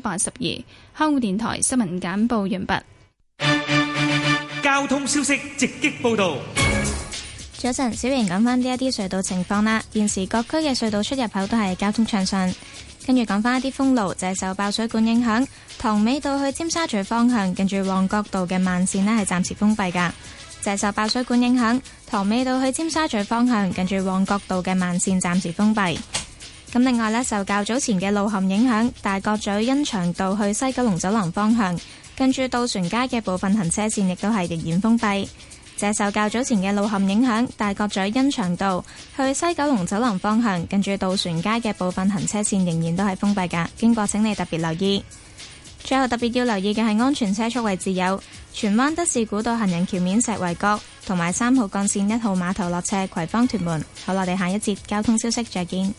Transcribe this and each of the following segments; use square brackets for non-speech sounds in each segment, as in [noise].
八十二，82, 香港電台新聞簡報完畢。交通消息直擊報道。早晨，小瑩講返呢一啲隧道情況啦。現時各區嘅隧道出入口都係交通暢順。跟住講返一啲封路，就係、是、受爆水管影響，塘尾道去尖沙咀方向，近住旺角道嘅慢線咧係暫時封閉噶。就係、是、受爆水管影響，塘尾道去尖沙咀方向，近住旺角道嘅慢線暫時封閉。咁另外呢，受較早前嘅路陷影響，大角咀欣翔道去西九龍走廊方向，近住渡船街嘅部分行車線亦都係仍然封閉。這受較早前嘅路陷影響，大角咀欣翔道去西九龍走廊方向，近住渡船街嘅部分行車線仍然都係封閉嘅。經過，請你特別留意。最後，特別要留意嘅係安全車速位置有荃灣德士古道行人橋面石圍角同埋三號幹線一號碼頭落斜葵芳屯門。好，我哋下一節交通消息再見。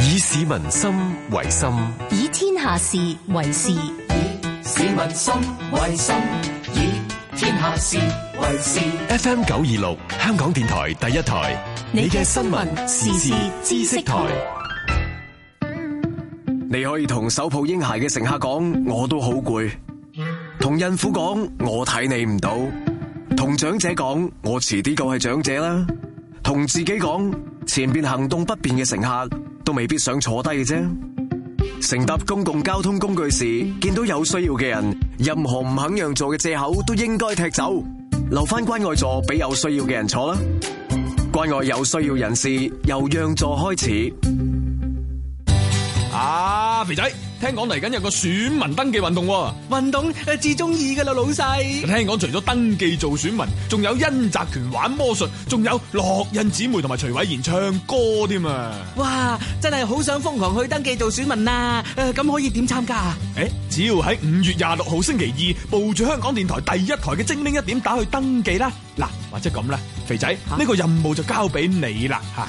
以市民心為心，以天下事為事。以市民心為心，以天下事為事。FM 九二六，香港電台第一台，你嘅新聞時事知識台。你可以同手抱嬰孩嘅乘客講，我都好攰；同孕婦講，我睇你唔到；同長者講，我遲啲就係長者啦。同自己講，前面行動不便嘅乘客都未必想坐低嘅啫。乘搭公共交通工具時，見到有需要嘅人，任何唔肯讓座嘅借口都應該踢走，留翻關愛座俾有需要嘅人坐啦。關愛有需要人士，由讓座開始。啊，肥仔，聽講嚟緊有個選民登記運動，運動至中意噶啦，老細。聽講除咗登記做選民，仲有殷澤權玩魔術，仲有樂印姊妹同埋徐偉賢唱歌添啊！哇，真係好想瘋狂去登記做選民啊！咁可以點參加啊？誒，只要喺五月廿六號星期二報住香港電台第一台嘅精靈一點打去登記啦。嗱，或者咁啦，肥仔，呢個任務就交俾你啦吓。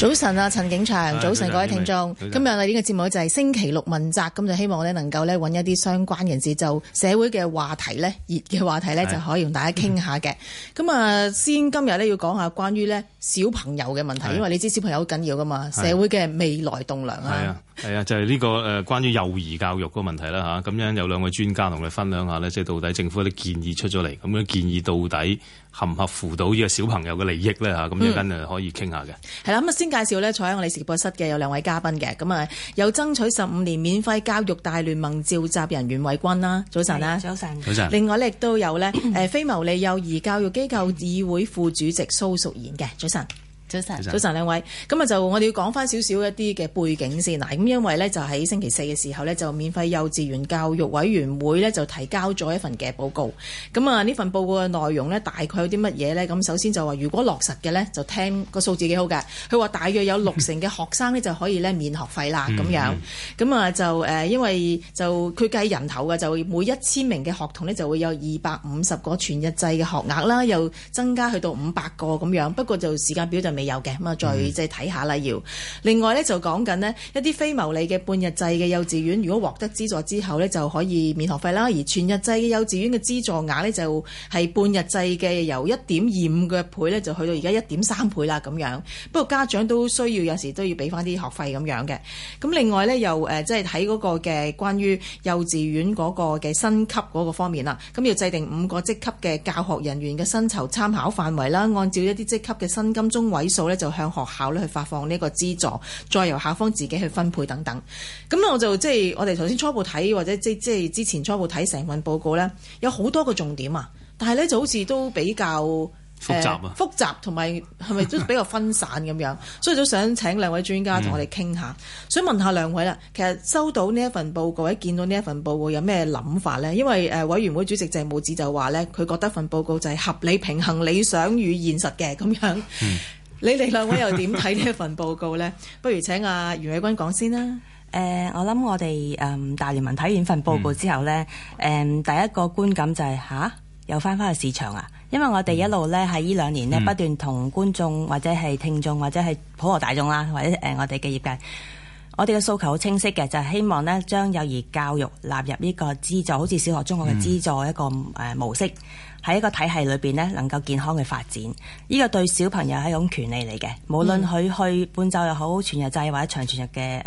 早晨啊，陳景祥，早晨各位聽眾。今日呢個節目就係星期六問責，咁就希望我哋能夠咧揾一啲相關人士就社會嘅話題咧熱嘅話題咧就可以同大家傾下嘅。咁啊，先今日呢，要講下關於咧小朋友嘅問題，因為你知小朋友好緊要噶嘛，社會嘅未來棟樑啊。係啊，就係、是、呢個誒關於幼兒教育嗰個問題啦嚇，咁、啊、樣有兩位專家同你分享下咧，即係到底政府啲建議出咗嚟，咁樣建議到底合唔合乎到呢個小朋友嘅利益呢？嚇、啊？咁一跟啊可以傾下嘅。係啦、嗯，咁啊先介紹呢。坐喺我哋直播室嘅有兩位嘉賓嘅，咁啊有爭取十五年免費教育大聯盟召集人袁慧筠啦，早晨啦，早晨，早晨。早晨另外咧亦都有呢誒、啊、非牟利幼兒教育機構議會副主席蘇淑賢嘅、啊，早晨。早晨，早晨兩位，咁啊就我哋要講翻少少一啲嘅背景先嗱，咁因為咧就喺星期四嘅時候咧就免費幼稚園教育委員會咧就提交咗一份嘅報告，咁啊呢份報告嘅內容咧大概有啲乜嘢咧？咁首先就話，如果落實嘅咧就聽個數字幾好嘅，佢話，大約有六成嘅學生咧就可以咧免學費啦，咁樣咁啊就誒，因為就佢計人頭嘅，就每一千名嘅學童咧就會有二百五十個全日制嘅學額啦，又增加去到五百個咁樣。不過就時間表就未，有嘅咁啊，嗯、再即係睇下啦，要另外咧就講緊咧一啲非牟利嘅半日制嘅幼稚園，如果獲得資助之後咧就可以免學費啦。而全日制嘅幼稚園嘅資助額咧就係、是、半日制嘅由一點二五嘅倍咧就去到而家一點三倍啦咁樣。不過家長都需要有時都要俾翻啲學費咁樣嘅。咁另外咧又誒即係睇嗰個嘅關於幼稚園嗰個嘅薪級嗰個方面啦，咁要制定五個職級嘅教學人員嘅薪酬參考範圍啦，按照一啲職級嘅薪金中位數咧就向學校咧去發放呢一個資助，再由校方自己去分配等等。咁咧我就即係、就是、我哋頭先初步睇或者即即係之前初步睇成份報告咧，有好多個重點啊，但係咧就好似都比較、呃複雜啊、複雜，複雜同埋係咪都比較分散咁 [laughs] 樣，所以都想請兩位專家同我哋傾下。想、嗯、問下兩位啦，其實收到呢一份報告，或者見到呢一份報告有咩諗法咧？因爲誒，委員會主席鄭慕智就話咧，佢覺得份報告就係合理平衡理想與現實嘅咁樣。嗯你哋兩位又點睇呢一份報告呢？ [laughs] 不如請阿、啊、袁慧筠講先啦。誒，我諗我哋誒、呃、大聯盟睇完份報告之後呢，誒、嗯呃、第一個觀感就係、是、吓、啊，又翻返去市場啊！因為我哋一路呢喺呢兩年呢，不斷同觀眾或者係聽眾或者係普羅大眾啦，或者誒我哋嘅業界，我哋嘅訴求好清晰嘅，就係、是、希望呢將幼兒教育納入呢個資助，好似小學、中學嘅資助一個誒模式。嗯嗯喺一個體系裏邊咧，能夠健康嘅發展，呢個對小朋友係一種權利嚟嘅。嗯、哼無論佢去半日又好，全日制或者長全日嘅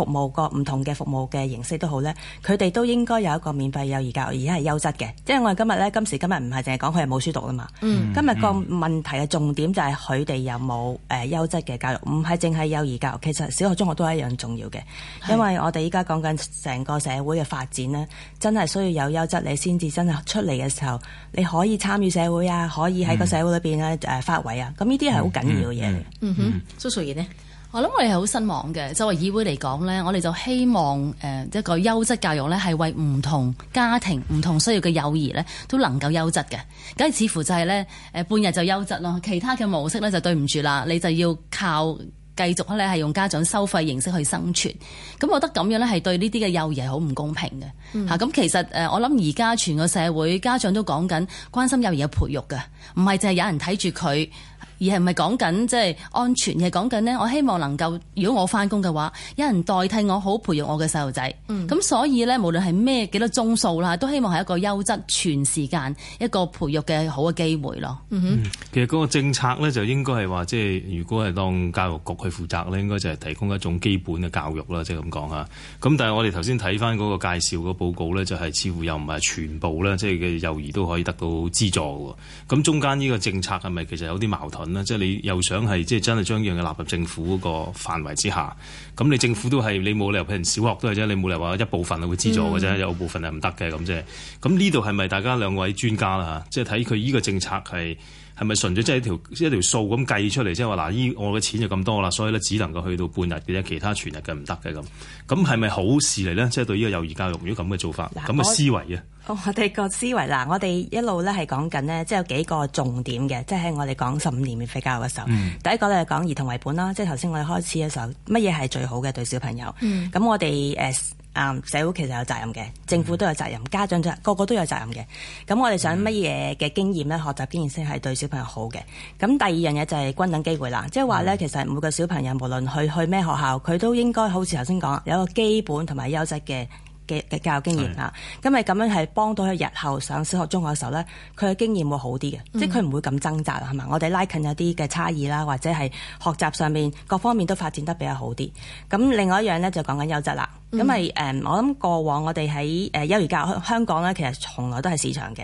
服務個唔同嘅服務嘅形式都好咧，佢哋都應該有一個免費幼兒教育，而家係優質嘅。即係我哋今日咧，今時今日唔係淨係講佢係冇書讀噶嘛。嗯、今日個問題嘅重點就係佢哋有冇誒、呃、優質嘅教育，唔係淨係幼兒教育。其實小學、中學都係一樣重要嘅，是因為我哋依家講緊成個社會嘅發展咧，真係需要有優質你先至真係出嚟嘅時候，你可以參與社會啊，可以喺個社會裏邊咧誒發圍啊。咁呢啲係好緊要嘅嘢嚟。哼、嗯，蘇淑賢呢？我諗我哋係好失望嘅，作為議會嚟講呢，我哋就希望誒一、呃這個優質教育呢係為唔同家庭、唔同需要嘅幼兒呢，都能夠優質嘅。咁而似乎就係呢，誒、呃、半日就優質咯，其他嘅模式呢，就對唔住啦，你就要靠繼續咧係用家長收費形式去生存。咁我覺得咁樣呢，係對呢啲嘅幼兒係好唔公平嘅吓。咁、嗯啊、其實誒、呃，我諗而家全個社會家長都講緊關心幼兒嘅培育嘅，唔係淨係有人睇住佢。而係唔係講緊即係安全嘅講緊呢。我希望能夠，如果我翻工嘅話，有人代替我好培育我嘅細路仔。咁、嗯、所以呢，無論係咩幾多鐘數啦，都希望係一個優質全時間一個培育嘅好嘅機會咯、嗯。其實嗰個政策呢，就應該係話即係如果係當教育局去負責呢，應該就係提供一種基本嘅教育啦。即係咁講嚇。咁但係我哋頭先睇翻嗰個介紹個報告呢，就係、是、似乎又唔係全部呢，即係嘅幼兒都可以得到資助喎。咁中間呢個政策係咪其實有啲矛盾？即係你又想係即係真係將呢樣嘢納入政府嗰個範圍之下。咁你政府都係你冇理由譬如小學都係啫，你冇理由話一部分會資助嘅啫，嗯、有部分係唔得嘅咁即係，咁呢度係咪大家兩位專家啦？即係睇佢依個政策係。係咪純粹即係一條一條數咁計出嚟，即係話嗱，依我嘅錢就咁多啦，所以咧只能夠去到半日嘅啫，其他全日嘅唔得嘅咁。咁係咪好事嚟咧？即係對依個幼兒教育，如果咁嘅做法，咁嘅喏思維啊？我哋個思維嗱，我哋一路咧係講緊呢，即係有幾個重點嘅，即係我哋講十五年免費教育嘅時候。嗯、第一個咧係講兒童為本啦，即係頭先我哋開始嘅時候，乜嘢係最好嘅對小朋友？咁、嗯、我哋誒。呃啊！Um, 社會其實有責任嘅，政府都有責任，嗯、家長就個個都有責任嘅。咁我哋想乜嘢嘅經驗咧？嗯、學習經驗先係對小朋友好嘅。咁第二樣嘢就係均等機會啦，嗯、即係話咧，其實每個小朋友無論去去咩學校，佢都應該好似頭先講有個基本同埋優質嘅。嘅嘅教育經驗啦，咁咪咁樣係幫到佢日後上小學、中學嘅時候咧，佢嘅經驗會好啲嘅，嗯、即係佢唔會咁掙扎係嘛。我哋拉近一啲嘅差異啦，或者係學習上面各方面都發展得比較好啲。咁另外一樣咧就講緊優質啦。咁咪誒，嗯、我諗過往我哋喺誒幼兒教育香港咧，其實從來都係市場嘅。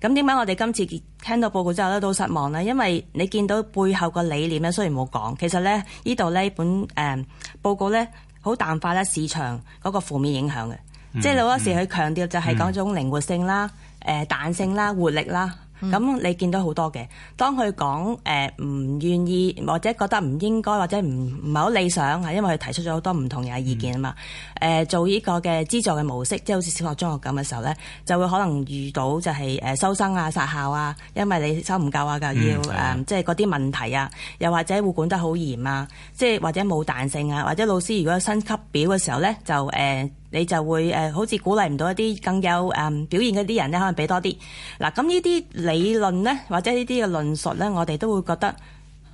咁點解我哋今次聽到報告之後咧都失望咧？因為你見到背後個理念咧，雖然冇講，其實咧呢度呢本誒、嗯、報告咧好淡化咧市場嗰個負面影響嘅。嗯嗯、即係好多時，佢強調就係嗰種靈活性啦、誒、嗯呃、彈性啦、活力啦。咁、嗯、你見到好多嘅當佢講誒唔願意或者覺得唔應該或者唔唔係好理想，係因為佢提出咗好多唔同嘅意見啊嘛。誒、嗯呃、做呢個嘅資助嘅模式，即係好似小學、中學咁嘅時候咧，就會可能遇到就係、是、誒、呃、收生啊、殺校啊，因為你收唔夠啊，噶要誒、嗯呃、即係嗰啲問題啊，又或者會管得好嚴啊，即係或者冇彈性啊，或者老師如果有新級表嘅時候咧，就誒。就呃就呃就呃你就會誒、呃，好似鼓勵唔到一啲更有誒、呃、表現嗰啲人咧，可能俾多啲。嗱，咁呢啲理論咧，或者論呢啲嘅論述咧，我哋都會覺得，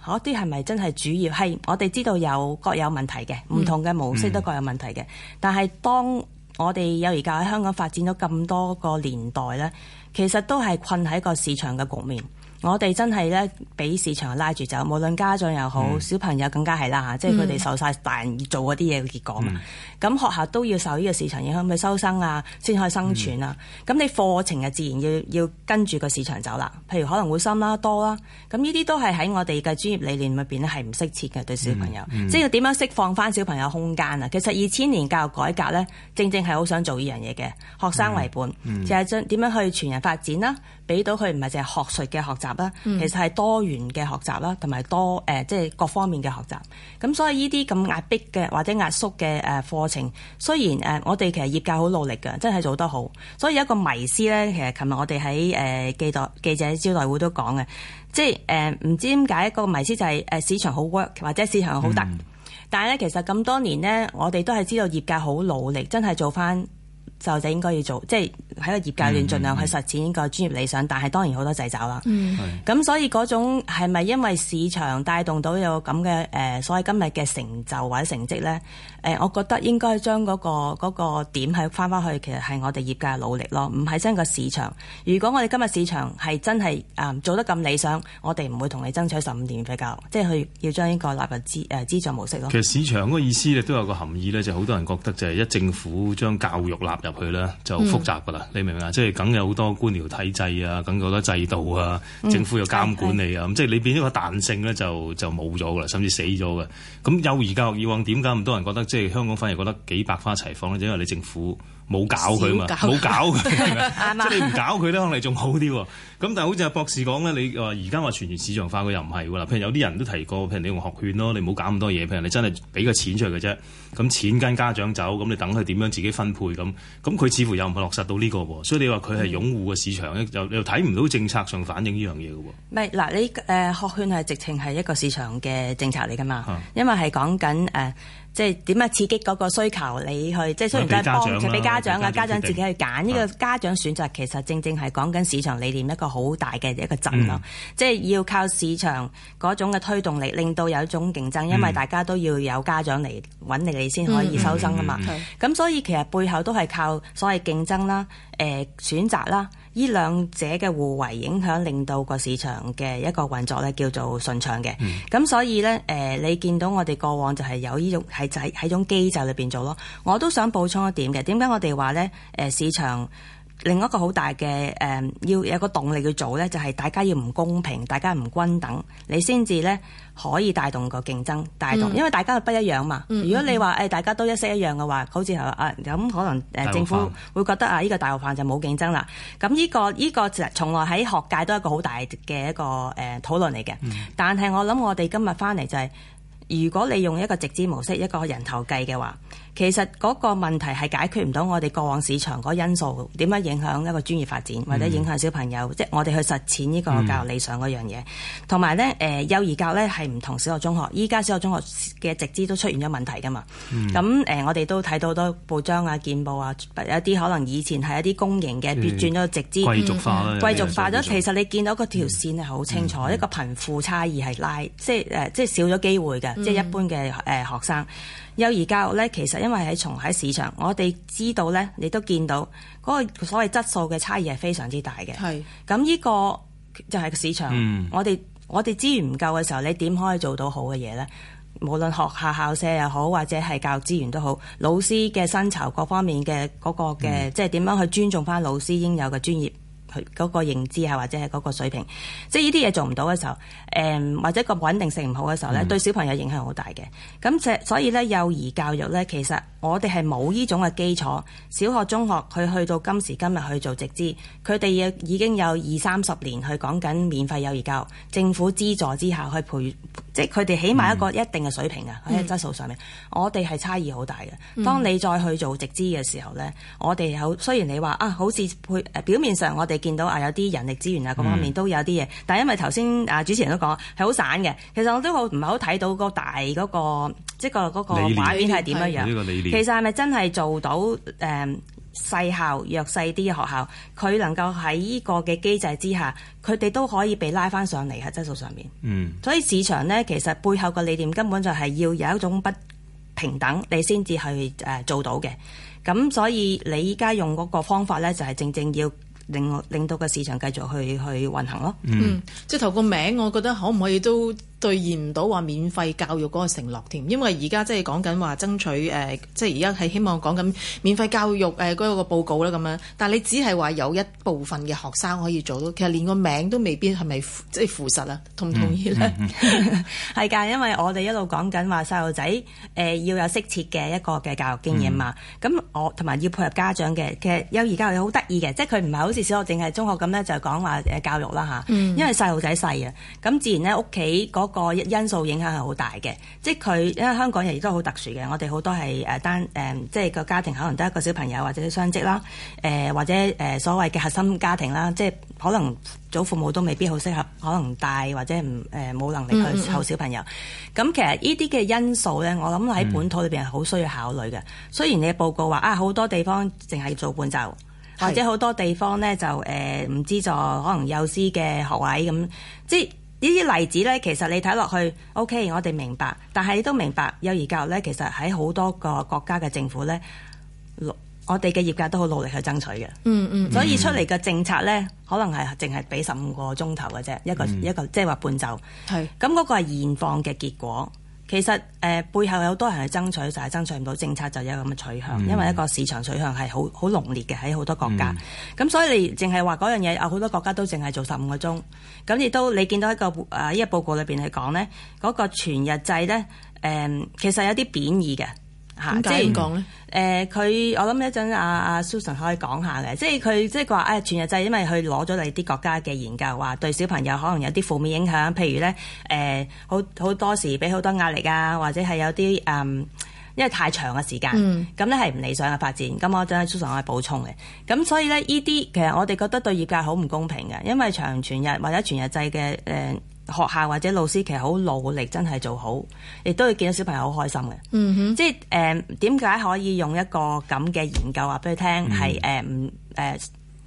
嗰啲係咪真係主要？係我哋知道有各有問題嘅，唔同嘅模式都有各有問題嘅。嗯、但係當我哋有而家喺香港發展咗咁多個年代咧，其實都係困喺個市場嘅局面。我哋真係咧，俾市場拉住走，無論家長又好，嗯、小朋友更加係啦嚇，嗯、即係佢哋受晒大人做嗰啲嘢嘅結果嘛。咁、嗯、學校都要受呢個市場影響去收生啊，先可以生存啊。咁、嗯、你課程啊，自然要要跟住個市場走啦。譬如可能會深啦、多啦。咁呢啲都係喺我哋嘅專業理念入邊咧，係唔適切嘅對小朋友。嗯嗯、即係要點樣釋放翻小朋友空間啊？其實二千年教育改革咧，正正係好想做呢樣嘢嘅，學生為本，就係點樣去全人發展啦。俾到佢唔係淨係學術嘅學習啦，嗯、其實係多元嘅學習啦，同埋多誒即係各方面嘅學習。咁所以呢啲咁壓迫嘅或者壓縮嘅誒課程，雖然誒、呃、我哋其實業界好努力㗎，真係做得好。所以有一個迷思咧，其實琴日我哋喺誒記者記者招待會都講嘅，即係誒唔知點解一個迷思就係誒市場好 work 或者市場好大。嗯、但係咧其實咁多年咧，我哋都係知道業界好努力，真係做翻。就就應該要做，即係喺個業界裏盡量去實踐個專業理想，嗯嗯、但係當然好多掣肘啦。咁、嗯、所以嗰種係咪因為市場帶動到有咁嘅誒，所謂今日嘅成就或者成績咧？誒，我覺得應該將嗰個嗰、那個點係翻翻去，其實係我哋業界嘅努力咯，唔係真個市場。如果我哋今日市場係真係誒、呃、做得咁理想，我哋唔會同你爭取十五年免費教，即係去要將呢個納入資誒資助模式咯。其實市場嗰個意思咧都有個含義咧，就好、是、多人覺得就係一政府將教育納入去啦、嗯，就複雜噶啦，你明唔明啊？即係梗有好多官僚體制啊，梗有好多制度啊，政府又監管你啊，嗯、即係你變一個彈性咧就就冇咗噶啦，甚至死咗噶。咁幼兒教育以往點解咁多人覺得？即係香港反而覺得幾百花齊放咧，因為你政府冇搞佢啊嘛，冇小搞佢，即係 [laughs] 你唔搞佢咧，可能仲好啲。咁 [laughs] 但係好似博士講咧，你話而家話完全市場化，佢又唔係啦。譬如有啲人都提過，譬如你用學券咯，你冇搞咁多嘢，譬如你真係俾個錢出嚟嘅啫。咁錢跟家長走，咁你等佢點樣自己分配咁？咁佢似乎又唔係落實到、這、呢個喎。所以你話佢係擁護個市場咧，嗯、又又睇唔到政策上反映呢樣嘢嘅喎。咪嗱你誒、呃、學券係直情係一個市場嘅政策嚟㗎嘛，嗯、因為係講緊誒。呃即係點啊？刺激嗰個需求，你去即係雖然都係幫，就俾家長㗎，家長自己去揀。呢個、啊、家長選擇其實正正係講緊市場理念一個好大嘅一個陣咯。嗯、即係要靠市場嗰種嘅推動力，令到有一種競爭，因為大家都要有家長嚟揾你，你先可以收生啊嘛。咁所以其實背後都係靠所謂競爭啦，誒、呃、選擇啦。呢兩者嘅互為影響，令到個市場嘅一個運作咧叫做順暢嘅。咁、嗯、所以呢，誒、呃、你見到我哋過往就係有呢種喺喺喺種機制裏邊做咯。我都想補充一點嘅，點解我哋話呢誒、呃、市場？另一個好大嘅誒、呃，要有一個動力去做咧，就係、是、大家要唔公平，大家唔均等，你先至咧可以帶動個競爭，帶動。嗯、因為大家不一樣嘛。嗯嗯、如果你話誒大家都一式一樣嘅話，好似係啊咁、嗯，可能誒政府會覺得啊，依、這個大鑊飯就冇競爭啦。咁呢、這個依、這個從來喺學界都係一個好大嘅一個誒討論嚟嘅。嗯、但係我諗我哋今日翻嚟就係、是，如果你用一個直資模式，一個人頭計嘅話，其實嗰個問題係解決唔到我哋過往市場嗰因素點樣影響一個專業發展，或者影響小朋友，嗯、即係我哋去實踐呢個教育理想嗰樣嘢。同埋咧，誒、呃、幼兒教咧係唔同小學、中學。依家小學、中學嘅直資都出現咗問題㗎嘛。咁誒、嗯嗯嗯嗯，我哋都睇到好多報章啊、見報啊，有啲可能以前係一啲公營嘅，轉咗直資。嗯、貴族化。貴族、啊、化咗，其實你見到個條線係好清楚，一個貧富差異係拉，即係誒，即、就、係、是、少咗機會嘅，即係一般嘅誒、就是、學生。嗯嗯嗯幼兒教育咧，其實因為喺從喺市場，我哋知道咧，你都見到嗰個所謂質素嘅差異係非常之大嘅。係，咁呢個就係個市場。嗯，我哋我哋資源唔夠嘅時候，你點可以做到好嘅嘢咧？無論學校校舍又好，或者係教育資源都好，老師嘅薪酬各方面嘅嗰個嘅，嗯，即係點樣去尊重翻老師應有嘅專業？佢嗰個認知啊，或者係嗰個水平，即係呢啲嘢做唔到嘅時候，誒、呃、或者個穩定性唔好嘅時候咧，mm hmm. 對小朋友影響好大嘅。咁所以咧，幼兒教育咧，其實我哋係冇呢種嘅基礎。小學、中學佢去到今時今日去做直資，佢哋已經有二三十年去講緊免費幼兒教育。政府資助之下去培，即係佢哋起碼一個一定嘅水平啊，喺、mm hmm. 質素上面，我哋係差異好大嘅。當你再去做直資嘅時候咧，我哋有雖然你話啊，好似配表面上我哋。見到啊，有啲人力資源啊，各方面都有啲嘢，嗯、但係因為頭先啊，主持人都講係好散嘅，其實我都好唔係好睇到嗰大嗰、那個即係、就是、個嗰個畫面係點樣樣。念其實係咪、哎這個、真係做到誒、呃、細校弱勢啲嘅學校，佢能夠喺呢個嘅機制之下，佢哋都可以被拉翻上嚟喺質素上面。嗯，所以市場咧其實背後嘅理念根本就係要有一種不平等，你先至係誒做到嘅。咁所以你依家用嗰個方法咧，就係、是、正，正正要。令我令到個市場繼續去去運行咯。嗯，即係頭個名，我覺得可唔可以都，兌現唔到話免費教育嗰個承諾添，因為而家即係講緊話爭取誒，即係而家係希望講緊免費教育誒嗰個報告啦咁樣。但係你只係話有一部分嘅學生可以做到，其實連個名都未必係咪即係符實啊？同唔同意咧？係㗎、嗯嗯嗯， [laughs] 因為我哋一路講緊話細路仔誒要有適切嘅一個嘅教育經驗嘛。咁、嗯、我同埋要配合家長嘅，其實幼兒教育好得意嘅，即係佢唔係好似小學淨係中學咁咧，就講話誒教育啦嚇。嗯、因為細路仔細啊，咁自然咧屋企個因素影響係好大嘅，即係佢因為香港人亦都好特殊嘅。我哋好多係誒單誒、呃，即係個家庭可能得一個小朋友或者雙職啦，誒、呃、或者誒、呃、所謂嘅核心家庭啦，即係可能祖父母都未必好適合，可能大或者唔誒冇能力去湊小朋友。咁、mm hmm. 其實呢啲嘅因素咧，我諗喺本土裏邊係好需要考慮嘅。雖然你報告話啊，好多地方淨係做半晝，或者好多地方咧就誒唔資助可能幼師嘅學位咁，即係。呢啲例子呢，其實你睇落去，OK，我哋明白，但係你都明白，幼兒教育呢，其實喺好多個國家嘅政府呢，我哋嘅業界都好努力去爭取嘅、嗯。嗯嗯。所以出嚟嘅政策呢，可能係淨係俾十五個鐘頭嘅啫，嗯、一個一個，即係話半晝。係、嗯。咁嗰個係現況嘅結果。其實誒、呃、背後有好多人去爭取，就係爭取唔到政策，就有咁嘅取向，嗯、因為一個市場取向係好好濃烈嘅喺好多國家。咁、嗯、所以你淨係話嗰樣嘢，有好多國家都淨係做十五個鐘。咁亦都你見到一個誒呢、啊呢個報告裏邊係講咧，嗰、嗰個全日制咧誒、呃，其實有啲貶義嘅。點解咁講咧？誒，佢、呃、我諗一陣，阿阿 Susan 可以講下嘅，即係佢即係話誒全日制，因為佢攞咗你啲國家嘅研究，話對小朋友可能有啲負面影響，譬如咧誒，好、呃、好多時俾好多壓力啊，或者係有啲誒、呃，因為太長嘅時間，咁咧係唔理想嘅發展。咁我真阿 Susan 可以補充嘅。咁所以咧，呢啲其實我哋覺得對業界好唔公平嘅，因為長全日或者全日制嘅誒。呃學校或者老師其實好努力，真係做好，亦都要見到小朋友好開心嘅。嗯哼，即係誒點解可以用一個咁嘅研究話俾佢聽係誒唔誒？嗯哼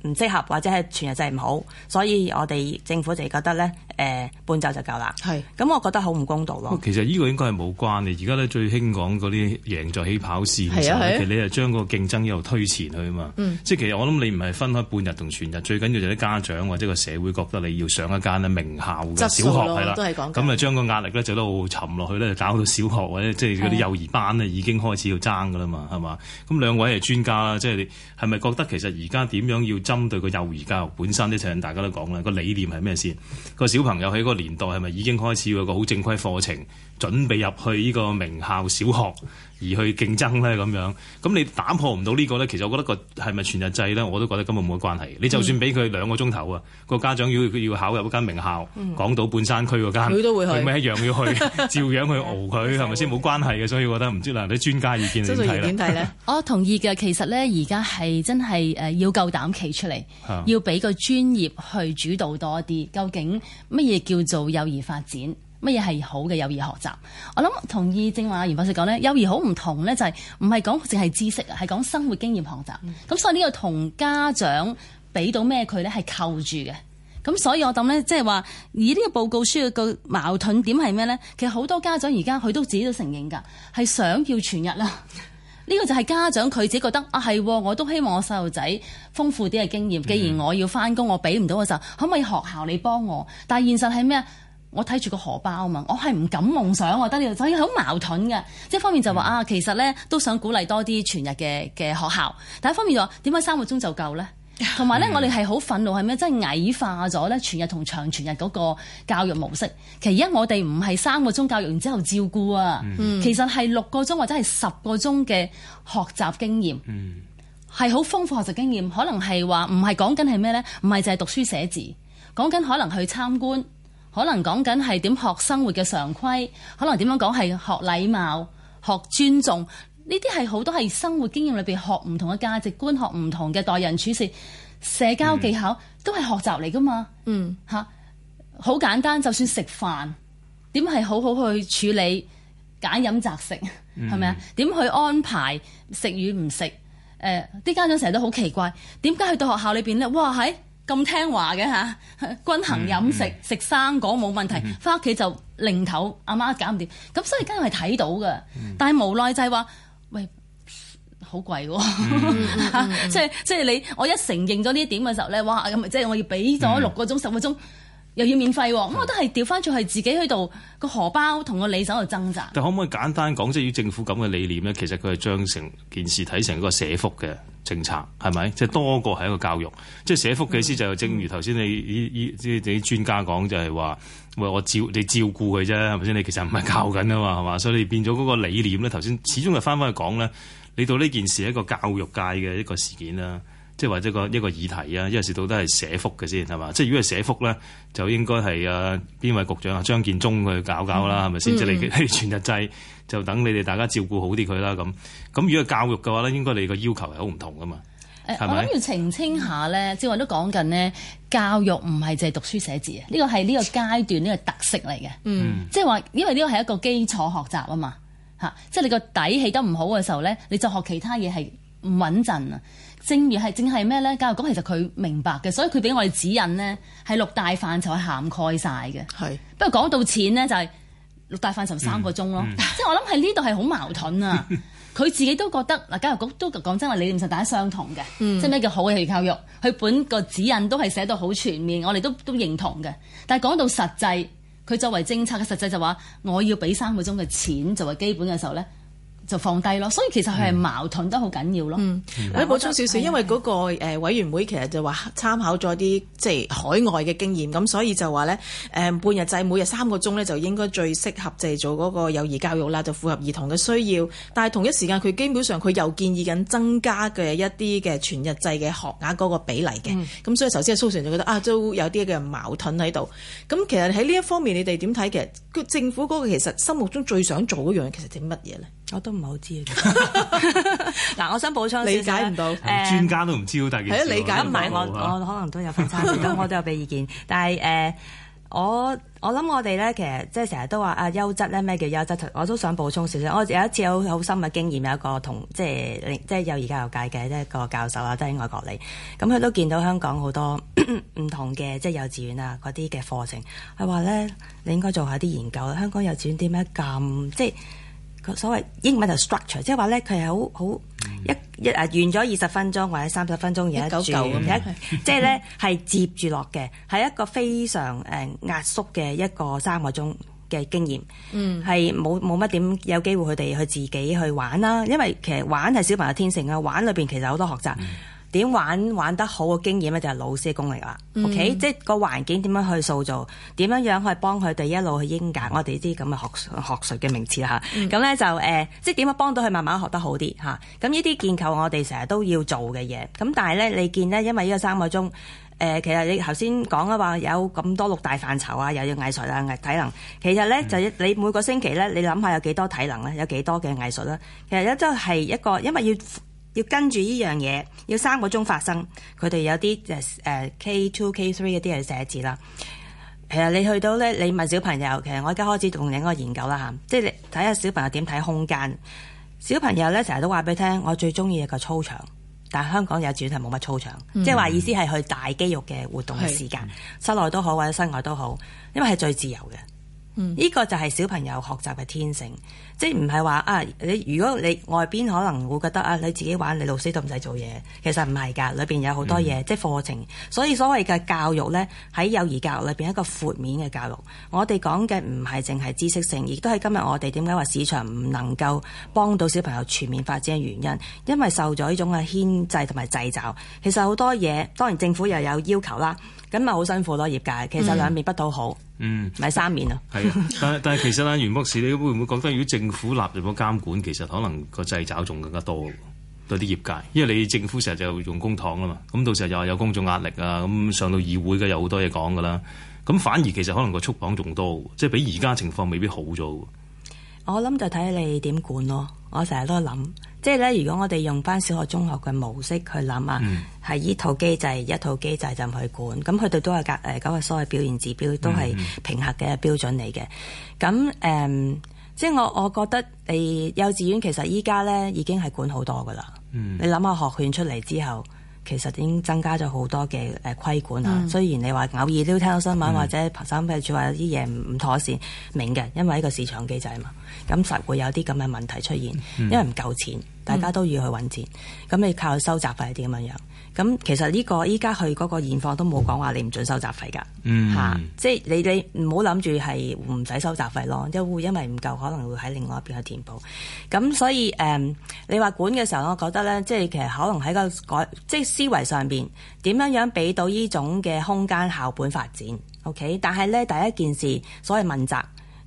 唔適合或者係全日制唔好，所以我哋政府就係覺得咧，誒、呃、半晝就夠啦。係是，咁我覺得好唔公道咯。其實呢個應該係冇關嘅。而家咧最興講嗰啲贏在起跑線嘅時候咧是、啊、其實你係將嗰個競爭一路推前去啊嘛。是啊嗯、即係其實我諗你唔係分開半日同全日，最緊要就係啲家長或者個社會覺得你要上一間名校嘅小學係啦，咁啊了、嗯、將個壓力咧就都好沉落去咧，搞到小學或者即係嗰啲幼兒班咧已經開始要爭噶啦嘛，係嘛？咁兩位係專家啦，即係你係咪覺得其實而家點樣要爭？針對個幼兒教育本身，啲嘢，大家都講啦，個理念係咩先？個小朋友喺個年代係咪已經開始有個好正規課程？準備入去呢個名校小學而去競爭咧咁樣，咁你打破唔到呢個咧，其實我覺得個係咪全日制咧，我都覺得根本冇關係。你就算俾佢兩個鐘頭啊，個、嗯、家長要要考入一間名校，嗯、港島半山區嗰間，佢都會去，佢咪一樣要去， [laughs] 照樣去熬佢，係咪先冇關係嘅？所以我覺得唔知啦，啲專家意見點睇咧？我同意嘅，其實咧而家係真係誒要夠膽企出嚟，嗯、要俾個專業去主導多啲。究竟乜嘢叫做幼兒發展？乜嘢係好嘅幼兒學習？我諗同意正話，袁博士講呢，幼兒好唔同呢，就係唔係講淨係知識啊，係講生活經驗學習。咁、嗯、所以呢個同家長俾到咩佢呢，係扣住嘅。咁所以我諗呢，即係話以呢個報告書嘅矛盾點係咩呢？其實好多家長而家佢都自己都承認噶，係想要全日啦。呢 [laughs] 個就係家長佢自己覺得啊，係我都希望我細路仔豐富啲嘅經驗。既然我要翻工，我俾唔到嘅時候，嗯、可唔可以學校你幫我？但係現實係咩啊？我睇住個荷包啊嘛，我係唔敢夢想我啊，我覺得呢度所以好矛盾嘅。一方面就話、是嗯、啊，其實咧都想鼓勵多啲全日嘅嘅學校，但一方面就話點解三個鐘就夠咧？同埋咧，嗯、我哋係好憤怒係咩？真係矮化咗咧全日同長全日嗰個教育模式。其一，我哋唔係三個鐘教育，然之後照顧啊，嗯、其實係六個鐘或者係十個鐘嘅學習經驗，係好豐富學習經驗。可能係話唔係講緊係咩咧？唔係就係讀書寫字，講緊可能去參觀。可能講緊係點學生活嘅常規，可能點樣講係學禮貌、學尊重，呢啲係好多係生活經驗裏邊學唔同嘅價值觀、學唔同嘅待人處事、社交技巧，嗯、都係學習嚟噶嘛？嗯，吓好簡單，就算食飯，點係好好去處理揀飲擇食，係咪啊？點、嗯、去安排食與唔食？誒、呃，啲家長成日都好奇怪，點解去到學校裏邊咧？哇，係。咁聽話嘅嚇、啊，均衡飲食，食生、嗯、果冇問題。翻屋企就擰頭，阿、嗯、媽，媽搞唔掂，咁所以梗係睇到嘅，嗯、但係無奈就係話，喂，好貴喎，即係即係你我一承認咗呢一點嘅時候咧，哇，咁即係我要俾咗六個鐘、十、嗯、個鐘。又要免費、啊，咁我都係調翻轉，去自己去度個荷包同個理財度掙扎。但可唔可以簡單講，即係以政府咁嘅理念咧，其實佢係將成件事睇成一個社福嘅政策，係咪？即、就、係、係、多過係一個教育。即係社福嘅意思就係正如頭先你依依啲啲專家講，就係、係、話，喂，我照你照顧佢啫，係咪先？你其實唔係教緊啊嘛，係嘛？所以你變咗嗰個理念咧。頭先始終係翻返去講咧，你到呢件事係一個教育界嘅一個事件啦。即係或者個一個議題啊，有陣事到底係寫福嘅先係嘛？即係如果係寫福咧，就應該係啊邊位局長啊張建宗去搞搞啦，係咪先？即係你全日制就等你哋大家照顧好啲佢啦。咁咁如果係教育嘅話咧，應該你個要求係好唔同噶嘛？誒、欸，我諗要澄清下咧，即係、嗯、都講緊咧，教育唔係淨係讀書寫字啊。呢個係呢個階段呢、呢個特色嚟嘅，嗯，即係話因為呢個係一個基礎學習啊嘛嚇。即係你個底起得唔好嘅時候咧，你就學其他嘢係唔穩陣啊。正如係正係咩咧？教育局其實佢明白嘅，所以佢俾我哋指引咧係六大範疇係涵蓋晒嘅。係是，不過講到錢咧，就係、是、六大範疇三個鐘咯。嗯嗯、 [laughs] 即係我諗係呢度係好矛盾啊！佢 [laughs] 自己都覺得嗱，教育局都講真話，理念上大家相同嘅。嗯、即係咩叫好嘅教育？佢本個指引都係寫到好全面，我哋都都認同嘅。但係講到實際，佢作為政策嘅實際就話，我要俾三個鐘嘅錢作為基本嘅時候咧。就放低咯，所以其實係矛盾得好緊要咯。我補充少少，因為嗰個委員會其實就話參考咗啲即係海外嘅經驗，咁所以就話咧誒半日制每日三個鐘咧，就應該最適合即係做嗰個幼兒教育啦，就符合兒童嘅需要。但係同一時間，佢基本上佢又建議緊增加嘅一啲嘅全日制嘅學額嗰個比例嘅。咁、嗯、所以首先蘇 Sir 就覺得啊，都有啲嘅矛盾喺度。咁其實喺呢一方面，你哋點睇？其實政府嗰個其實心目中最想做嗰樣其實整乜嘢咧？我都唔係好知啊！嗱， [laughs] [laughs] 我想補充， [laughs] 理解唔到，呃、專家都唔知好大件事。係啊，理解唔埋， [laughs] 我我可能都有份參、 [laughs] 呃，我都有俾意見。但係誒，我我諗我哋咧，其實即係成日都話啊，優質咧咩叫優質？我都想補充少少。我有一次有好深嘅經驗，有一個同即係即係幼兒教育界嘅一個教授啊，都喺外國嚟。咁、嗯、佢都見到香港好多唔 [coughs] 同嘅即係幼稚園啊，嗰啲嘅課程佢話咧，你應該做下啲研究。香港幼稚園點解咁即係？即所謂英文就 structure，即係話咧，佢係好好一一啊完咗二十分鐘或者三十分鐘，有一九九即係咧係接住落嘅，係一個非常誒壓縮嘅一個三個鐘嘅經驗，係冇冇乜點有機會佢哋去自己去玩啦，因為其實玩係小朋友天性啊，玩裏邊其實好多學習。嗯。點玩玩得好嘅經驗咧，就係老師嘅功力啦。OK、嗯、即係個環境點樣去塑造，點樣樣去幫佢哋一路去英格，我哋呢啲咁嘅學學術嘅名詞嚇。咁咧、嗯、就誒、呃，即係點樣幫到佢慢慢學得好啲嚇。咁呢啲建構我哋成日都要做嘅嘢。咁但係咧，你見咧，因為呢個三個鐘誒、呃，其實你頭先講啊話有咁多六大範疇啊，又要藝術啊、藝體能。其實咧就你每個星期咧，你諗下有幾多體能咧，有幾多嘅藝術咧。其實一真係一個，因為要。要跟住呢樣嘢，要三個鐘發生。佢哋有啲就誒 K two K three 嗰啲係寫字啦。其實你去到咧，你問小朋友，其實我而家開始同喺嗰個研究啦嚇，即係睇下小朋友點睇空間。小朋友咧成日都話俾你聽，我最鍾意一個操場，但香港幼稚園係冇乜操場。嗯、即係話意思係去大肌肉嘅活動嘅時間，室內都好或者室外都好，因為係最自由嘅。呢、嗯、個就係小朋友學習嘅天性，即係唔係話啊，你如果你外邊可能會覺得啊，你自己玩，你老師都唔使做嘢。其實唔係㗎，裏邊有好多嘢，嗯、即係課程。所以所謂嘅教育呢，喺幼兒教育裏邊一個闊面嘅教育。我哋講嘅唔係淨係知識性，亦都係今日我哋點解話市場唔能夠幫到小朋友全面發展嘅原因，因為受咗呢種嘅牽制同埋製造。其實好多嘢，當然政府又有要求啦，咁咪好辛苦咯，業界。其實兩邊不討好。嗯，咪三年啊，係， [laughs] 但但係其實咧，袁博士，你會唔會覺得如果政府納入咗監管，其實可能個掣肘仲更加多，對啲業界，因為你政府成日就用公帑啦嘛，咁到時候又話有公眾壓力啊，咁上到議會嘅有好多嘢講噶啦，咁反而其實可能個束縛仲多，即係比而家情況未必好咗。我諗就睇下你點管咯，我成日都諗。即係咧，如果我哋用翻小學、中學嘅模式去諗啊，係依套機制，一套機制就唔去管。咁佢哋都係嗰個誒，所謂表現指標都係評核嘅標準嚟嘅。咁誒、嗯，即係我我覺得誒幼稚園其實依家咧已經係管好多噶啦。嗯、你諗下學券出嚟之後，其實已經增加咗好多嘅誒規管啊。嗯、雖然你話偶爾都聽到新聞、嗯、或者生僻，仲話有啲嘢唔妥善，明嘅，因為呢個市場機制啊嘛。咁實會有啲咁嘅問題出現，因為唔夠錢。大家都要去揾錢，咁、嗯、你靠收雜費係點樣樣。咁其實呢個依家去嗰個現況都冇講話你唔准收雜費㗎，嚇！即係你你唔好諗住係唔使收雜費咯、嗯啊，因為因為唔夠可能會喺另外一邊去填補。咁所以誒、嗯，你話管嘅時候，我覺得咧，即係其實可能喺個改即係思維上邊點樣樣俾到呢種嘅空間校本發展。OK，但係咧第一件事所謂問責誒、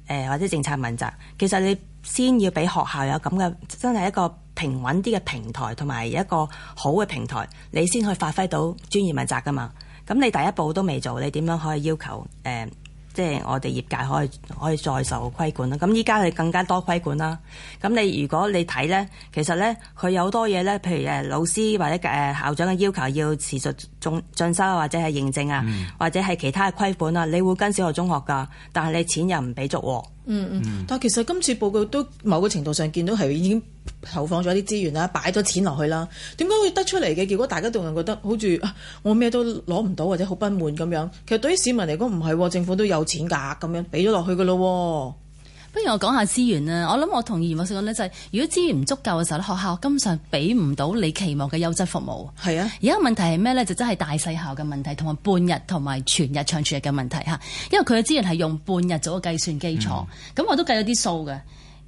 呃、或者政策問責，其實你先要俾學校有咁嘅真係一個，平穩啲嘅平台，同埋一個好嘅平台，你先可以發揮到專業問責噶嘛？咁你第一步都未做，你點樣可以要求？誒、呃，即、就、係、是、我哋業界可以可以再受規管啦？咁依家佢更加多規管啦。咁你如果你睇咧，其實咧佢有好多嘢咧，譬如誒老師或者誒校長嘅要求要持續進進修啊，或者係認證啊，嗯、或者係其他嘅規管啊。你會跟小學中學噶，但係你錢又唔俾足。嗯嗯，嗯，但係其實今次報告都某個程度上見到係已經投放咗一啲資源啦，擺咗錢落去啦。點解會得出嚟嘅結果？大家都覺得好似、啊、我咩都攞唔到，或者好不滿咁樣。其實對於市民嚟講，唔係、啊、政府都有錢噶，咁樣俾咗落去噶咯、啊。不如我講下資源啦。我諗我同嚴博士講呢就係、是、如果資源唔足夠嘅時候咧，學校根本上俾唔到你期望嘅優質服務。係啊，而家問題係咩呢？就真係大細校嘅問題，同埋半日同埋全日長全日嘅問題吓。因為佢嘅資源係用半日做個計算基礎。咁、嗯、我都計咗啲數嘅，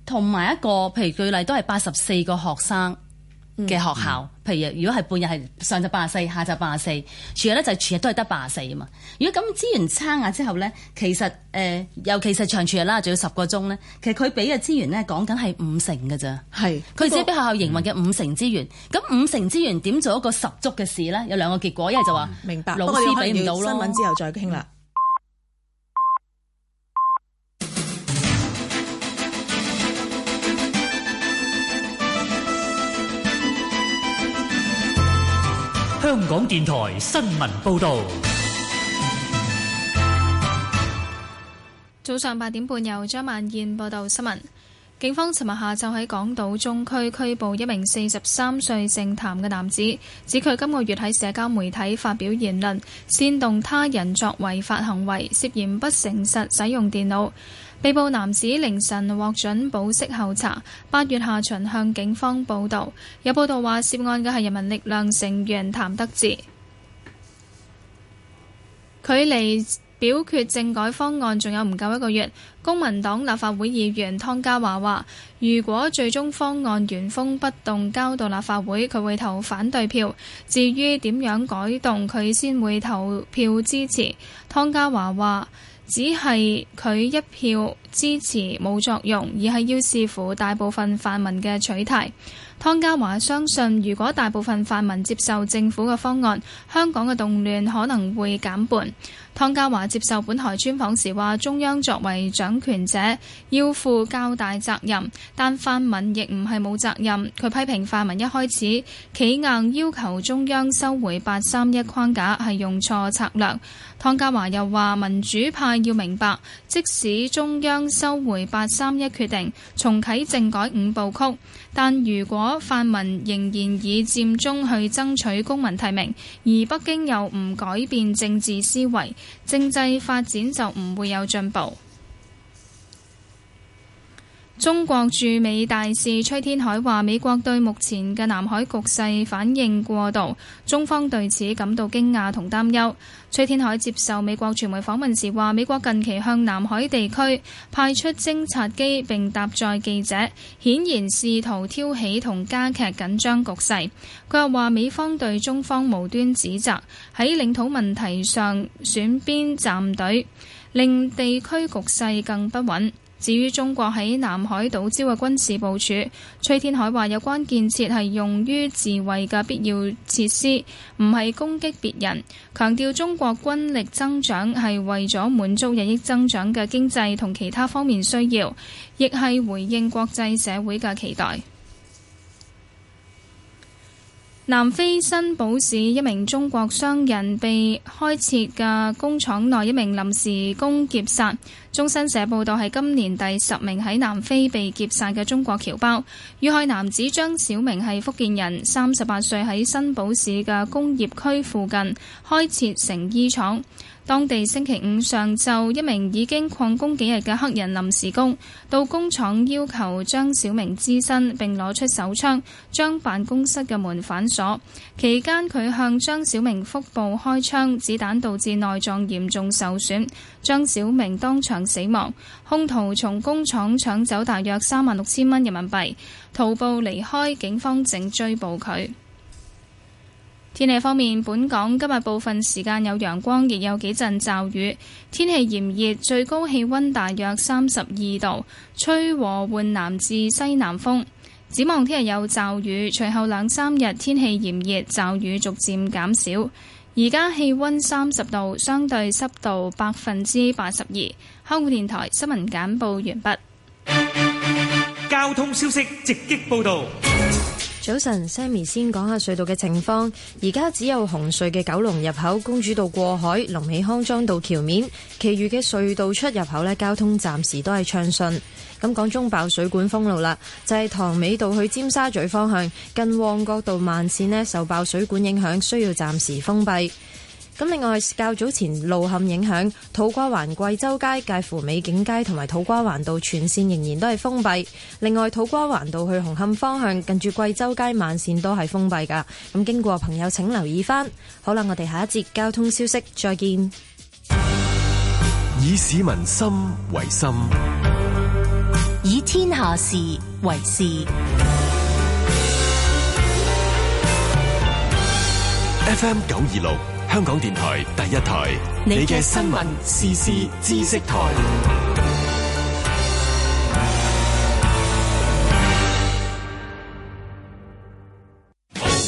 同埋一個譬如舉例都係八十四個學生。嘅學校，譬、嗯、如如果係半日係上晝八十四，下晝八十四，全日咧就全日都係得八十四啊嘛。如果咁資源差額之後咧，其實誒、呃，尤其是長全日啦，仲要十個鐘咧，其實佢俾嘅資源咧，講緊係五成㗎咋。係是，佢只係俾學校營運嘅五成資源。咁、嗯、五成資源點做一個十足嘅事咧？有兩個結果，一係就話、是，明白老師俾唔到。新聞之後再傾啦。嗯香港電台新聞報導，早上八點半由張萬燕報道新聞。警方尋日下晝喺港島中區拘捕一名四十三歲姓譚嘅男子，指佢今個月喺社交媒體發表言論，煽動他人作違法行為，涉嫌不誠實使用電腦。被捕男子凌晨獲准保釋候查，八月下旬向警方報到。有報道話，涉案嘅係人民力量成員譚德志。距離表決政改方案仲有唔夠一個月，公民黨立法會議員湯家驊話，如果最終方案原封不動交到立法會，佢會投反對票。至於點樣改動，佢先會投票支持。湯家驊話，只係佢一票支持冇作用，而係要視乎大部分泛民嘅取態。湯家驊相信，如果大部分泛民接受政府嘅方案，香港嘅動亂可能會減半。湯家驊接受本台專訪時話：中央作為掌權者，要負較大責任，但泛民亦唔係冇責任。佢批評泛民一開始企硬要求中央收回八三一框架係用錯策略。湯家驊又話：民主派要明白，即使中央收回八三一決定，重啟政改五步曲，但如果泛民仍然以佔中去爭取公民提名，而北京又唔改變政治思維，政制發展就唔會有進步。中國駐美大使崔天凱話，美國對目前嘅南海局勢反應過度，中方對此感到驚訝同擔憂。崔天凱接受美國傳媒訪問時話，美國近期向南海地區派出偵察機，並搭載記者，顯然試圖挑起同加劇緊張局勢。佢又話，美方對中方無端指責，喺領土問題上選邊站隊，令地區局勢更不穩。至於中國喺南海島礁嘅軍事部署，崔天凱話：有關建設係用於自衛嘅必要設施，唔係攻擊別人。強調中國軍力增長係為咗滿足日益增長嘅經濟同其他方面需要，亦係回應國際社會嘅期待。南非新堡市一名中國商人被開設嘅工廠內一名臨時工劫殺，中新社報道係今年第十名喺南非被劫殺嘅中國僑胞，遇害男子張小明係福建人，三十八歲喺新堡市嘅工業區附近開設成衣廠。當地星期五上晝，一名已經曠工幾日嘅黑人臨時工到工廠要求張小明支薪，並攞出手槍將辦公室嘅門反鎖。期間佢向張小明腹部開槍，子彈導致內臟嚴重受損，張小明當場死亡。兇徒從工廠搶走大約三萬六千蚊人民幣，徒步離開，警方正追捕佢。天氣方面，本港今日部分時間有陽光，亦有幾陣驟雨。天氣炎熱，最高氣温大約三十二度，吹和緩南至西南風。展望聽日有驟雨，隨後兩三日天氣炎熱，驟雨逐漸減少。而家氣温三十度，相對濕度百分之八十二。香港電台新聞簡報完畢。交通消息直擊報道。早晨，Sammy 先講下隧道嘅情況。而家只有紅隧嘅九龍入口、公主道過海、龍尾康莊道橋面，其餘嘅隧道出入口咧，交通暫時都係暢順。咁講中爆水管封路啦，就係塘尾道去尖沙咀方向，近旺角道慢線咧受爆水管影響，需要暫時封閉。咁另外，較早前路陷影響土瓜灣貴州街、介乎美景街同埋土瓜灣道全線仍然都係封閉。另外，土瓜灣道去紅磡方向近住貴州街慢線都係封閉噶。咁經過朋友，請留意翻。好啦，我哋下一節交通消息，再見。以市民心為心，以天下事為事。FM 九二六。香港電台第一台，你嘅新聞時事知識台，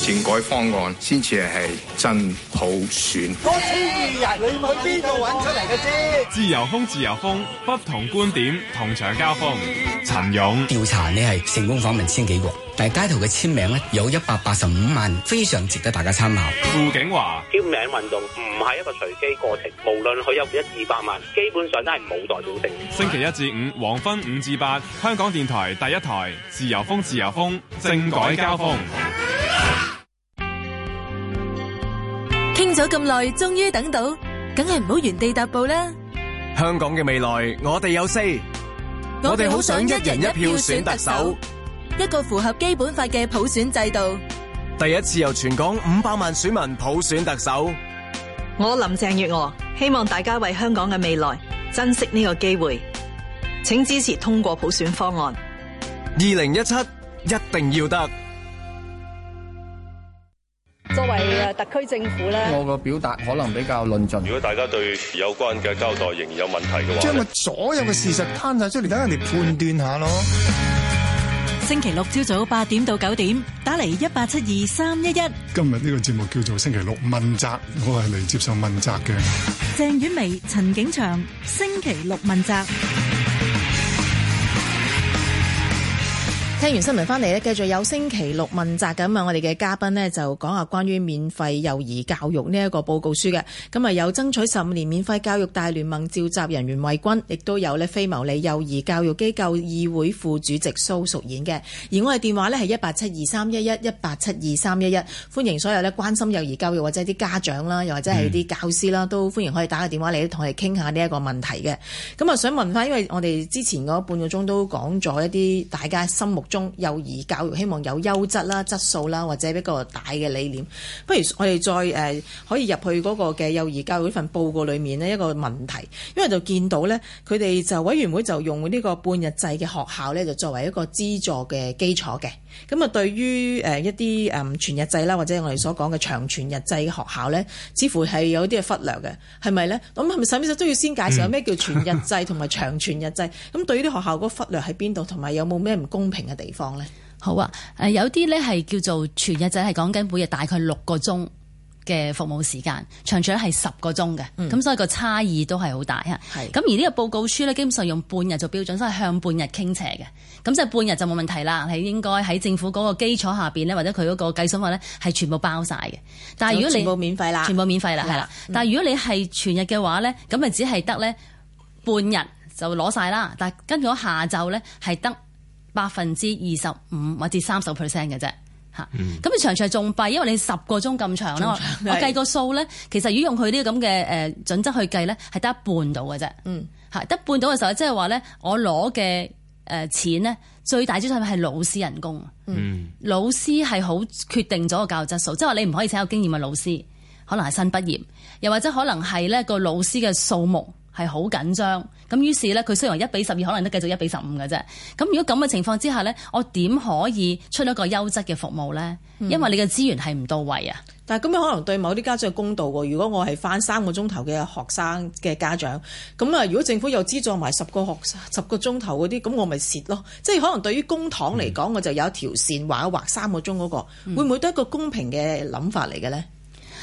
政改方案先至係真普選。嗰次日你去邊度搵出嚟嘅啫。 [noise] [noise] [noise] 自由風，自由風，不同觀點同場交鋒。陳 [noise] 勇調查，你係成功訪問千幾個。但係街頭嘅簽名咧，有一百八十五萬，非常值得大家參考。傅景華，簽名運動唔係一個隨機過程，無論佢有一二百萬，基本上都係冇代表性。星期一至五黃昏五至八，香港電台第一台自由風，自由風政改交鋒。傾咗咁耐，終於等到，梗係唔好原地踏步啦！香港嘅未來，我哋有四，我哋好想一人一票選特首。一個符合基本法嘅普選制度，第一次由全港五百萬選民普選特首。我林鄭月娥，希望大家為香港嘅未來珍惜呢個機會，請支持通過普選方案。二零一七一定要得。作為特區政府咧，我嘅表達可能比較論盡。如果大家對有關嘅交代仍然有問題嘅話，將個所有嘅事實攤晒出嚟，等、嗯、人哋判斷下咯。星期六朝早八點到九點，打嚟一八七二三一一。今日呢個節目叫做星期六問責，我係嚟接受問責嘅。鄭婉薇、陳景祥，星期六問責。聽完新聞翻嚟，咧，繼續有星期六問責咁啊！我哋嘅嘉賓呢，就講下關於免費幼兒教育呢一個報告書嘅。咁啊有爭取十五年免費教育大聯盟召集人袁慧筠，亦都有咧非牟利幼兒教育機構議會副主席蘇淑賢嘅。而我哋電話呢，係一八七二三一一一八七二三一一，歡迎所有咧關心幼兒教育或者啲家長啦，又或者係啲教師啦，都歡迎可以打個電話嚟，同我哋傾下呢一個問題嘅。咁啊想問翻，因為我哋之前嗰半個鐘都講咗一啲大家心目中。中幼兒教育希望有優質啦、質素啦，或者一個大嘅理念。不如我哋再誒、呃、可以入去嗰個嘅幼兒教育呢份報告裏面咧一個問題，因為就見到咧佢哋就委員會就用呢個半日制嘅學校咧就作為一個資助嘅基礎嘅。咁啊，對於誒一啲誒全日制啦，或者我哋所講嘅長全日制學校咧，似乎係有啲嘅忽略嘅，係咪咧？咁係咪首先都要先介紹下咩叫全日制同埋長全日制？咁 [laughs] 對於啲學校個忽略喺邊度，同埋有冇咩唔公平嘅地方咧？好啊，誒有啲咧係叫做全日制，係講緊每日大概六個鐘。嘅服務時間長長咧係十個鐘嘅，咁、嗯、所以個差異都係好大嚇。咁、嗯、而呢個報告書咧，基本上用半日做標準，所以向半日傾斜嘅。咁即係半日就冇問題啦，係應該喺政府嗰個基礎下邊咧，或者佢嗰個計數法咧，係全部包晒嘅。但係如果你全部免費啦，全部免費啦，係啦。但係如果你係全日嘅話咧，咁咪只係得咧半日就攞晒啦。但係跟住我下晝咧係得百分之二十五或者三十 percent 嘅啫。吓，咁你長長仲閉，因為你十個鐘咁長啦。我計個數咧，其實如果用佢啲咁嘅誒準則去計咧，係得一半到嘅啫。嗯，嚇得一半到嘅時候，即係話咧，我攞嘅誒錢咧，最大支出係老師人工。嗯，老師係好決定咗個教育質素，即係話你唔可以請有經驗嘅老師，可能係新畢業，又或者可能係咧個老師嘅數目。係好緊張，咁於是呢，佢雖然一比十二，可能都繼續一比十五嘅啫。咁如果咁嘅情況之下呢，我點可以出一個優質嘅服務呢？因為你嘅資源係唔到位啊、嗯。但係咁樣可能對某啲家長公道喎。如果我係翻三個鐘頭嘅學生嘅家長，咁啊，如果政府又資助埋十個學十個鐘頭嗰啲，咁我咪蝕咯。即係可能對於公帑嚟講，嗯、我就有一條線畫，畫一畫三個鐘嗰、嗰個，會唔會都一個公平嘅諗法嚟嘅呢？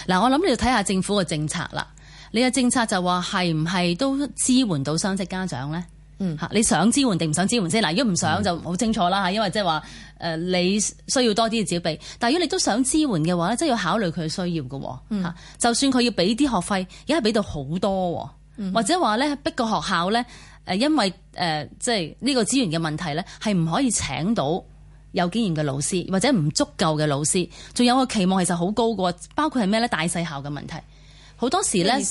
嗱、嗯嗯，我諗你要睇下政府嘅政策啦。你嘅政策就話係唔係都支援到雙職家長咧？嗯嚇，你想支援定唔想支援先？嗱，如果唔想就好清楚啦嚇，嗯、因為即係話誒你需要多啲嘅資費。但係如果你都想支援嘅話咧，即、就、係、是、要考慮佢嘅需要嘅喎、嗯、就算佢要俾啲學費，而家係俾到好多，嗯、或者話咧逼個學校咧誒，因為誒即係呢個資源嘅問題咧，係唔可以請到有經驗嘅老師，或者唔足夠嘅老師。仲有個期望其實好高嘅喎，包括係咩咧？大細校嘅問題。好多時咧，呢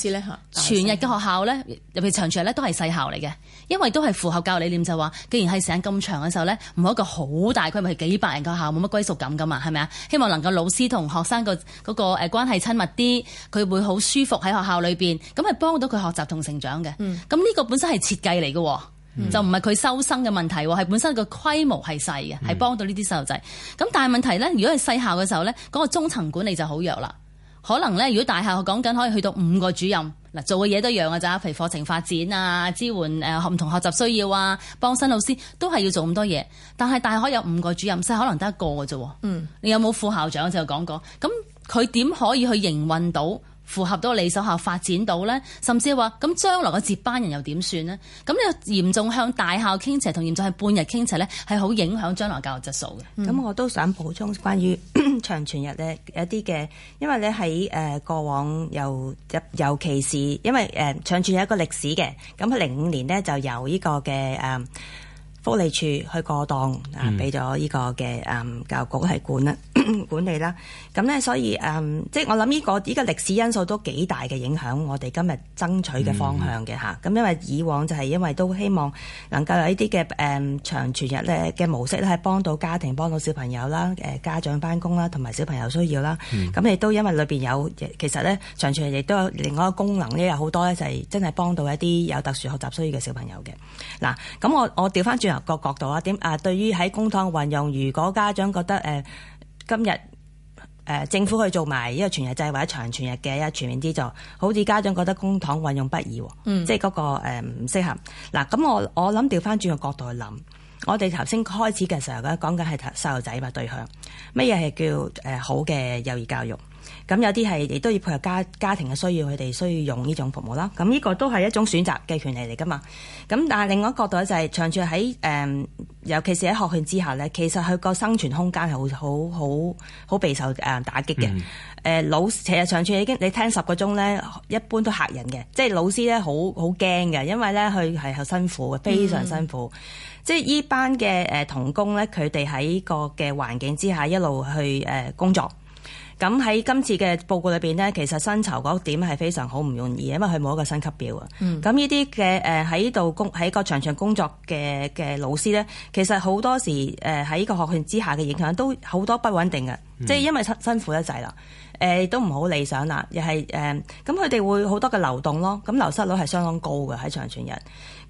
全日嘅學校咧，尤其長全日咧，都係細校嚟嘅，因為都係符合教育理念就話、係，既然係時間咁長嘅時候咧，唔係一個好大規模，係幾百人嘅學校冇乜歸屬感噶嘛，係咪啊？希望能夠老師同學生個嗰個誒關係親密啲，佢會好舒服喺學校裏邊，咁係幫到佢學習同成長嘅。咁呢、嗯、個本身係設計嚟嘅，就唔係佢收生嘅問題，係、嗯、本身個規模係細嘅，係幫到呢啲細路仔。咁、嗯、但係問題咧，如果係細校嘅時候咧，嗰、嗰個中層管理就好弱啦。嗰個可能咧，如果大校講緊可以去到五個主任嗱，做嘅嘢都一樣㗎咋？譬如課程發展啊，支援誒唔同學習需要啊，幫新老師都係要做咁多嘢。但係大校有五個主任，細校可能得一個㗎啫。嗯，你有冇副校長就講過？咁佢點可以去營運到？符合到你所校發展到咧，甚至話咁將來嘅接班人又點算呢？咁你個嚴重向大校傾斜，同嚴重係半日傾斜咧，係好影響將來教育質素嘅。咁、嗯、我都想補充關於 [coughs] 長全日咧一啲嘅，因為咧喺誒過往又尤尤其是因為誒長全有一個歷史嘅，咁佢零五年咧就由呢個嘅誒福利署去過檔啊，俾咗呢個嘅誒教育局係管啦。管理啦，咁、嗯、咧所以誒、嗯，即係我諗呢、呢個呢、呢個歷史因素都幾大嘅影響，我哋今日爭取嘅方向嘅吓。咁、嗯、因為以往就係因為都希望能夠有一啲嘅誒長全日咧嘅模式咧，係幫到家庭、幫到小朋友啦，誒、呃、家長翻工啦，同埋小朋友需要啦。咁亦、嗯、都因為裏邊有，其實咧長全日亦都有另外一個功能咧，有好多咧就係真係幫到一啲有特殊學習需要嘅小朋友嘅。嗱，咁我我調翻轉頭個角度啦，點啊？對於喺公帑運用，如果家長覺得誒。呃今日誒、呃、政府去做埋一個全日制或者長全日嘅一個全面資助，好似家長覺得公帑運用不義，嗯、即係、那、嗰個誒唔適合。嗱、啊，咁我我諗調翻轉個角度去諗，我哋頭先開始嘅時候咧講緊係細路仔嘛對象，乜嘢係叫誒、呃、好嘅幼兒教育？咁有啲係亦都要配合家家庭嘅需要，佢哋需要用呢種服務啦。咁、這、呢個都係一種選擇嘅權利嚟㗎嘛。咁但係另外一個角度就係、是、長處喺誒，尤其是喺學園之下咧，其實佢個生存空間係好好好好備受誒打擊嘅。誒、嗯呃、老其實長處已經你聽十個鐘咧，一般都嚇人嘅。即係老師咧，好好驚嘅，因為咧佢係好辛苦嘅，非常辛苦。嗯、即係呢班嘅誒童工咧，佢哋喺個嘅環境之下一路去誒工作。咁喺今次嘅報告裏邊咧，其實薪酬嗰個點係非常好唔容易，因為佢冇一個薪級表啊。咁呢啲嘅誒喺度工喺個長全工作嘅嘅老師咧，其實好多時誒喺個學券之下嘅影響都好多不穩定嘅，嗯、即係因為辛苦得滯啦，誒、呃、都唔好理想啦，又係誒咁佢哋會好多嘅流動咯，咁流失率係相當高嘅喺長全日，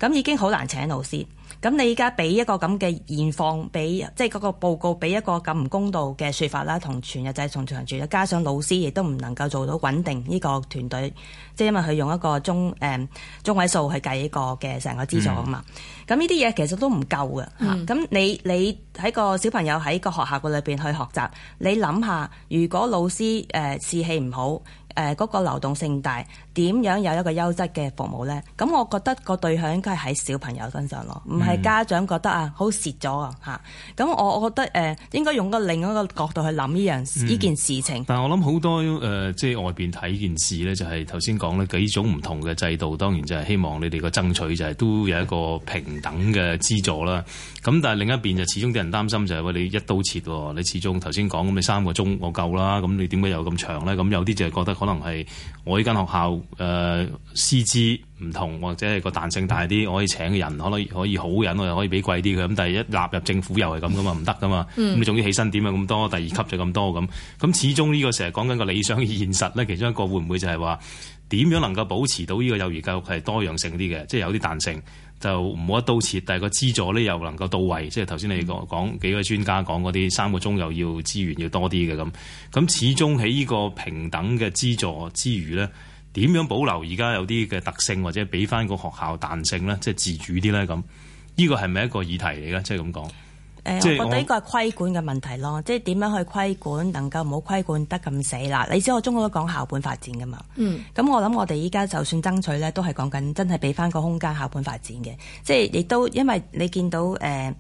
咁已經好難請老師。咁你而家俾一個咁嘅現況，俾即係嗰個報告，俾一個咁唔公道嘅説法啦，同全日制同長住，加上老師亦都唔能夠做到穩定呢個團隊，即係因為佢用一個中誒、呃、中位數去計呢個嘅成個資助啊嘛。咁呢啲嘢其實都唔夠嘅㗎。咁、嗯啊、你你喺個小朋友喺個學校嘅裏邊去學習，你諗下，如果老師誒、呃、士氣唔好。誒嗰個流動性大，點樣有一個優質嘅服務咧？咁我覺得個對象應該係喺小朋友身上咯，唔係家長覺得、嗯、啊好蝕咗啊嚇。咁我我覺得誒應該用個另一個角度去諗呢樣呢件事情。嗯、但係我諗好多誒、呃，即係外邊睇件事咧，就係頭先講咧幾種唔同嘅制度，當然就係希望你哋個爭取就係都有一個平等嘅資助啦。咁但係另一邊就始終啲人擔心就係喂，你一刀切喎，你始終頭先講咁你三個鐘我夠啦，咁你點解又咁長咧？咁有啲就係覺得可能。可能係我呢間學校誒師資唔同，或者係個彈性大啲，嗯、我可以請嘅人可能可以好人，我又可以俾貴啲嘅。咁但係一納入政府又係咁噶嘛，唔得噶嘛。咁你仲要起薪點啊咁多，第二級就咁多咁。咁始終呢個成日講緊個理想現實咧，其中一個會唔會就係話點樣能夠保持到呢個幼兒教育係多樣性啲嘅，即係有啲彈性？就唔好一刀切，但係個資助咧又能夠到位，即係頭先你講講、嗯、幾個專家講嗰啲三個鐘又要資源要多啲嘅咁，咁始終喺呢個平等嘅資助之餘咧，點樣保留而家有啲嘅特性或者俾翻個學校彈性咧，即係自主啲咧咁？呢個係咪一個議題嚟嘅？即係咁講。誒，呃、即是 我覺得呢個係規管嘅問題咯，即係點樣去規管，能夠唔好規管得咁死啦？你知我中國都講校本發展噶嘛？嗯，咁我諗我哋依家就算爭取咧，都係講緊真係俾翻個空間校本發展嘅，即係亦都因為你見到誒、呃，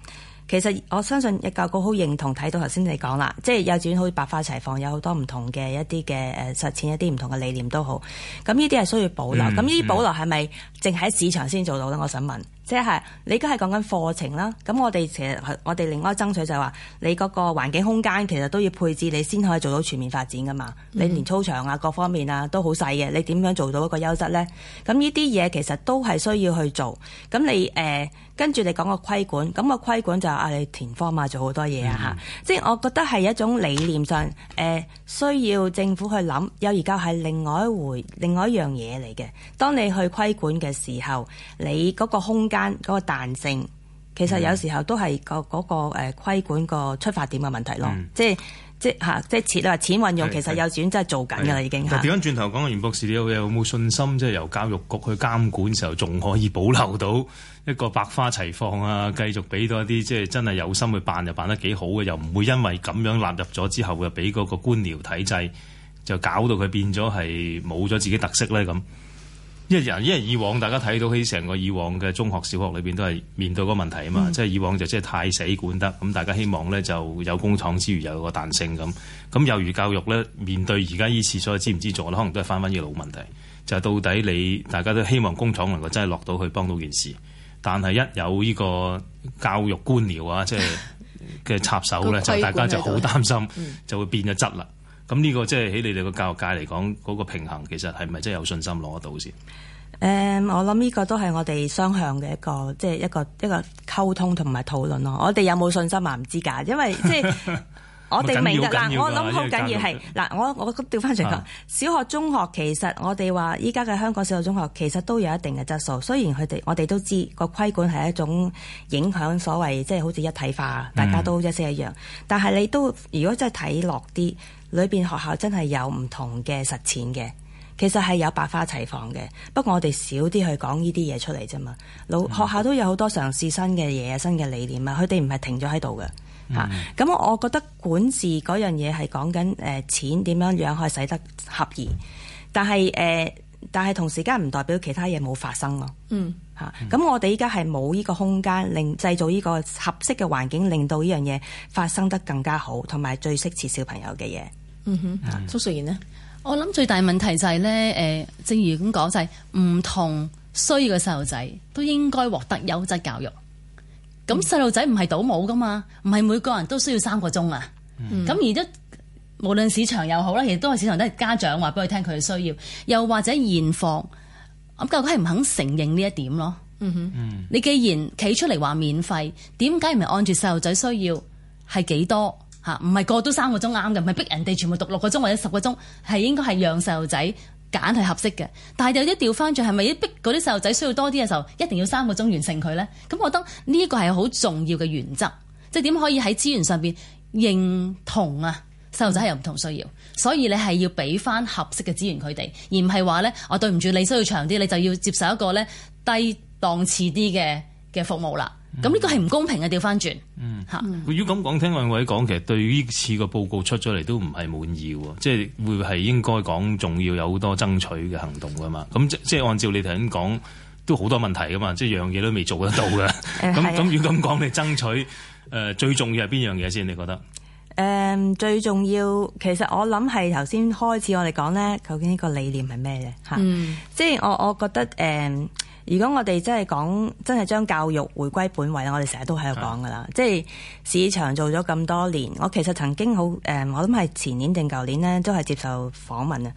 其實我相信一教局好認同睇到頭先你講啦，即係幼稚園可以百花齊放，有好多唔同嘅一啲嘅誒實踐一啲唔同嘅理念都好，咁呢啲係需要保留。咁呢啲保留係咪淨喺市場先做到咧？我想問。即係你而家係講緊課程啦，咁我哋其實我哋另外爭取就係話你嗰個環境空間其實都要配置你先可以做到全面發展噶嘛。你連操場啊各方面啊都好細嘅，你點樣做到一個優質咧？咁呢啲嘢其實都係需要去做。咁你誒跟住你講個規管，咁，個規管就係，啊你填方做啊做好多嘢啊吓，嗯嗯即係我覺得係一種理念上誒、呃、需要政府去諗，又而家係另，另外一回另外一樣嘢嚟嘅。當你去規管嘅時候，你嗰個空間。嗰個彈性，其實有時候都係個嗰、嗰個誒規管個出發點嘅問題咯、嗯，即係即係嚇，即係錢啊錢運用，其實有錢真係做緊噶啦，已經的。但係掉返轉頭講，袁的博士，你有冇信心，即係由教育局去監管時候，仲可以保留到一個百花齊放啊，繼續俾到一啲即係真係有心去辦就辦得幾好嘅，又唔會因為咁樣納入咗之後，又俾嗰個官僚體制就搞到佢變咗係冇咗自己特色咧咁？因為以往大家睇到喺成個以往嘅中學、小學裏邊都係面對嗰個問題啊嘛，嗯、即係以往就即係太死管得，咁大家希望咧就有工廠之餘有個彈性咁。咁幼兒教育咧面對而家呢次所以知唔知做，可能都係翻翻呢個老問題，就係、是、到底你大家都希望工廠能夠真係落到去幫到件事，但係一有呢個教育官僚啊，即係嘅插手咧， [laughs] 就大家就好擔心，嗯、就會變咗質啦。咁呢個即係喺你哋個教育界嚟講，嗰、那個平衡其實係咪真係有信心攞得到先？誒、嗯，我諗呢個都係我哋雙向嘅一個，即、就、係、是、一個一個溝通同埋討論咯。我哋有冇信心啊？唔知㗎，因為即係，就是 [laughs] 我哋明噶啦、啊，我諗好緊要係嗱，我我咁調翻轉頭，是小學、中學其實我哋話依家嘅香港小學、中學其實都有一定嘅質素，雖然佢哋我哋都知個規管係一種影響，所謂即係好似一體化，大家都一式一樣。嗯、但係你都如果真係睇落啲裏邊學校真係有唔同嘅實踐嘅，其實係有百花齊放嘅。不過我哋少啲去講呢啲嘢出嚟啫嘛。老學校都有好多嘗試新嘅嘢、新嘅理念啊，佢哋唔係停咗喺度嘅。嚇！咁我覺得管治嗰樣嘢係講緊誒錢點樣樣可以使得合宜，但係誒，但係同時間唔代表其他嘢冇發生咯。嗯，嚇！咁我哋依家係冇依個空間令製造依個合適嘅環境，令到呢樣嘢發生得更加好，同埋最適似小朋友嘅嘢。嗯哼，蘇淑賢呢，我諗最大問題就係咧誒，正如咁講就係唔同需要嘅細路仔都應該獲得優質教育。咁細路仔唔係倒冇噶嘛，唔係每個人都需要三個鐘啊。咁、嗯、而家無論市場又好啦，其實都係市場都係家長話俾佢聽佢嘅需要，又或者現況咁，究竟界係唔肯承認呢一點咯。嗯哼，你既然企出嚟話免費，點解唔係按住細路仔需要係幾多吓？唔係個都三個鐘啱嘅，唔係逼人哋全部讀六個鐘或者十個鐘，係應該係讓細路仔。揀係合適嘅，但係有啲調翻轉係咪要逼嗰啲細路仔需要多啲嘅時候，一定要三個鐘完成佢呢？咁我覺得呢個係好重要嘅原則，即係點可以喺資源上邊認同啊細路仔係有唔同需要，所以你係要俾翻合適嘅資源佢哋，而唔係話呢：「我對唔住你，需要長啲，你就要接受一個呢低檔次啲嘅嘅服務啦。」咁呢、嗯、個係唔公平嘅，調翻轉。吓、嗯，嗯、如果咁講，聽兩位講，其實對於呢次個報告出咗嚟都唔係滿意嘅，即係會係應該講，仲要有好多爭取嘅行動噶嘛。咁即係按照你頭先講，都好多問題噶嘛，即係樣嘢都未做得到嘅。咁咁、嗯 [laughs] 嗯，如果咁講，你爭取誒、呃、最重要係邊樣嘢先？你覺得？誒、嗯，最重要，其實我諗係頭先開始我哋講咧，究竟呢個理念係咩嘅吓？即係我我覺得誒。嗯如果我哋真係講真係將教育回歸本位，我哋成日都喺度講噶啦。啊、即係市場做咗咁多年，我其實曾經好誒、呃，我諗係前年定舊年呢，都係接受訪問啊。